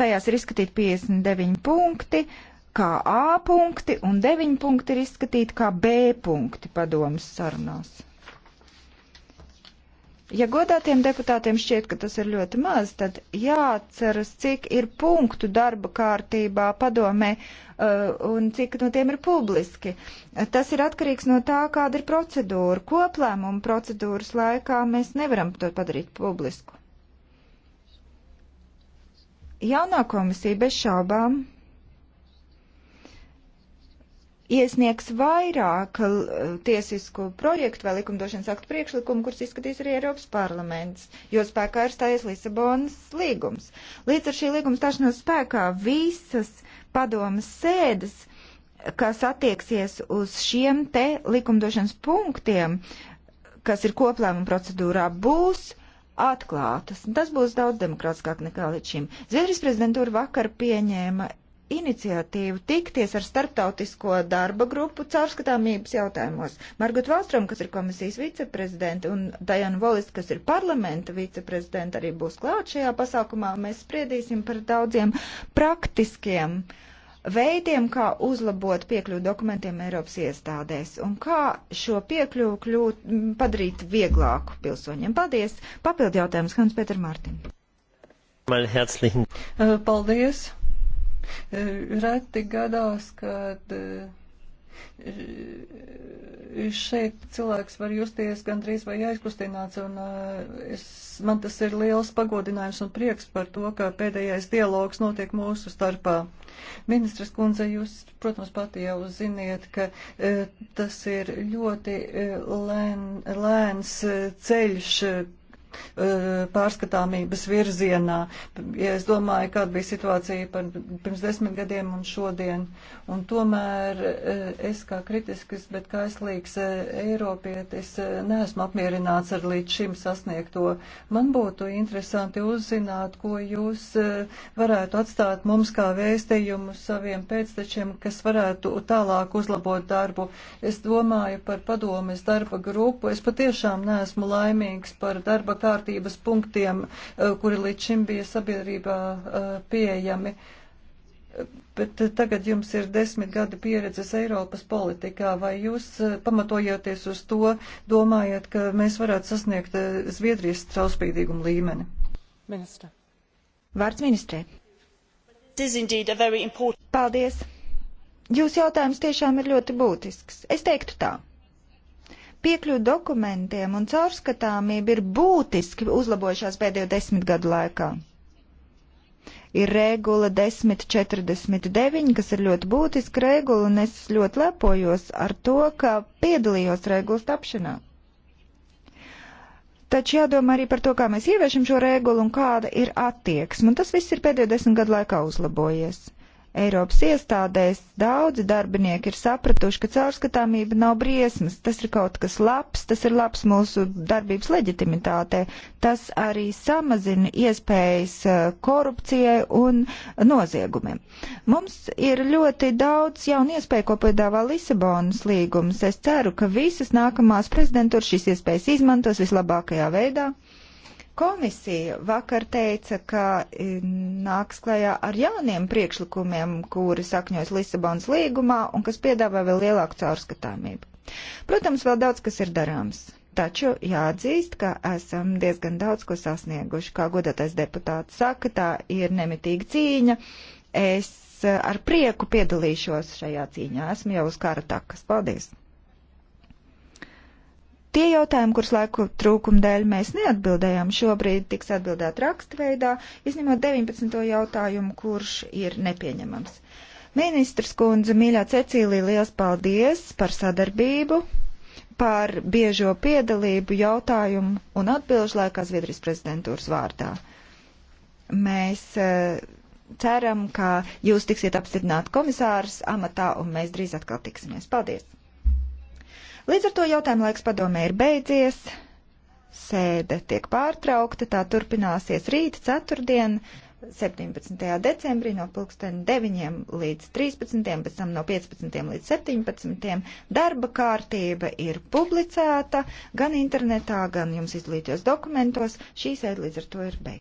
C: tajās ir izskatīti 59 punkti, kā A punkti, un 9 punkti ir izskatīti kā B punkti padomas sarunās. Ja godātiem deputātiem šķiet, ka tas ir ļoti maz, tad jāatceras, cik ir punktu darba kārtībā padomē uh, un cik no tiem ir publiski. Tas ir atkarīgs no tā, kāda ir procedūra. Koplēmuma procedūras laikā mēs nevaram to padarīt publisku. Jaunā komisija bez šaubām iesniegs vairāk uh, tiesisku projektu vai likumdošanas aktu priekšlikumu, kurus izskatīs arī Eiropas parlaments, jo spēkā ir stājies Lisabonas līgums. Līdz ar šī līguma stāšanos spēkā visas padomas sēdes kas attieksies uz šiem te likumdošanas punktiem, kas ir koplēmuma procedūrā, būs atklātas. Tas būs daudz demokrātiskāk nekā līdz šim. Zviedrijas prezidentūra vakar pieņēma iniciatīvu tikties ar starptautisko darba grupu caurskatāmības jautājumos. Margot Valstrom, kas ir komisijas viceprezidente, un Dajana Volis, kas ir parlamenta viceprezidente, arī būs klāt šajā pasākumā. Mēs spriedīsim par daudziem praktiskiem veidiem, kā uzlabot piekļuvu dokumentiem Eiropas iestādēs un kā šo piekļuvu kļūt, padarīt vieglāku pilsoņiem. Paldies! Papildu
B: jautājums Hans Peter Mārtiņ. Paldies! Eh, reti gadās, kad eh, šeit cilvēks var justies gandrīz vai aizkustināts, un eh, es, man tas ir liels pagodinājums un prieks par to, ka pēdējais dialogs notiek mūsu starpā. Ministras kundze, jūs, protams, pati jau ziniet, ka tas ir ļoti lēn, lēns ceļš Uh, pārskatāmības virzienā. Ja es domāju, kāda bija situācija par, pirms desmit gadiem un šodien. Un tomēr uh, es kā kritisks, bet kaislīgs uh, eiropietis neesmu apmierināts ar līdz šim sasniegto. Man būtu interesanti uzzināt, ko jūs varētu atstāt mums kā vēstījumu saviem pēctečiem, kas varētu tālāk uzlabot darbu. Es domāju par padomes darba grupu. Es patiešām neesmu laimīgs par darba kārtības punktiem, eh, kuri līdz šim bija sabiedrībā eh, pieejami. Bet tagad jums ir desmit gadi pieredzes Eiropas politikā, vai jūs eh, pamatojoties uz to domājat, ka mēs varētu sasniegt Zviedrijas trauspīdīgumu līmeni? Ministra. Vārds ministrē.
C: Paldies. Jūsu jautājums tiešām ir ļoti būtisks. Es teiktu tā. Piekļuvi dokumentiem un caurskatāmība ir būtiski uzlabojušās pēdējo desmit gadu laikā. Ir regula 1049, kas ir ļoti būtiska regula, un es ļoti lepojos ar to, ka piedalījos regulas tapšanā. Taču jādomā arī par to, kā mēs ieviešam šo regulu un kāda ir attieksme. Un tas viss ir pēdējo desmit gadu laikā uzlabojies. Eiropas iestādēs daudzi darbinieki ir sapratuši, ka caurskatāmība nav briesmas, tas ir kaut kas labs, tas ir labs mūsu darbības leģitimitātē, tas arī samazina iespējas eh, korupcijai un noziegumiem. Mums ir ļoti daudz jaunu iespēju, ko piedāvā Lisabonas līgums. Es ceru, ka visas nākamās prezidentūras šīs iespējas izmantos vislabākajā veidā. Komisija vakar teica, ka e, nāks klajā ar jauniem priekšlikumiem, kuri sakņojas Lisabonas līgumā un kas piedāvā vēl lielāku caurskatāmību. Protams, vēl daudz kas ir darāms, taču jāatzīst, ka esam diezgan daudz ko sasnieguši. Kā godātais deputāts saka, tā ir nemitīga cīņa. Es ar prieku piedalīšos šajā cīņā. Esmu jau uz kara takas. Paldies! Tie jautājumi, kurus laiku trūkuma dēļ mēs neatbildējām, šobrīd tiks atbildēt rakstveidā, izņemot 19. jautājumu, kurš ir nepieņemams. Ministrs kundze, mīļā Cecīlija, liels paldies par sadarbību, par biežo piedalību jautājumu un atbilžu laikā Zviedrijas prezidentūras vārdā. Mēs eh, ceram, ka jūs tiksiet apstiprināti komisārs amatā un mēs drīz atkal tiksimies. Paldies! Līdz ar to jautājuma laiks padomē ir beidzies. Sēde tiek pārtraukta, tā turpināsies rīt, ceturtdien, 17. decembrī no pulksten 9 līdz 13, pēc tam no 15 līdz 17. Darba kārtība ir publicēta gan internetā, gan jums izlītos dokumentos. Šī sēde līdz ar to ir beigta.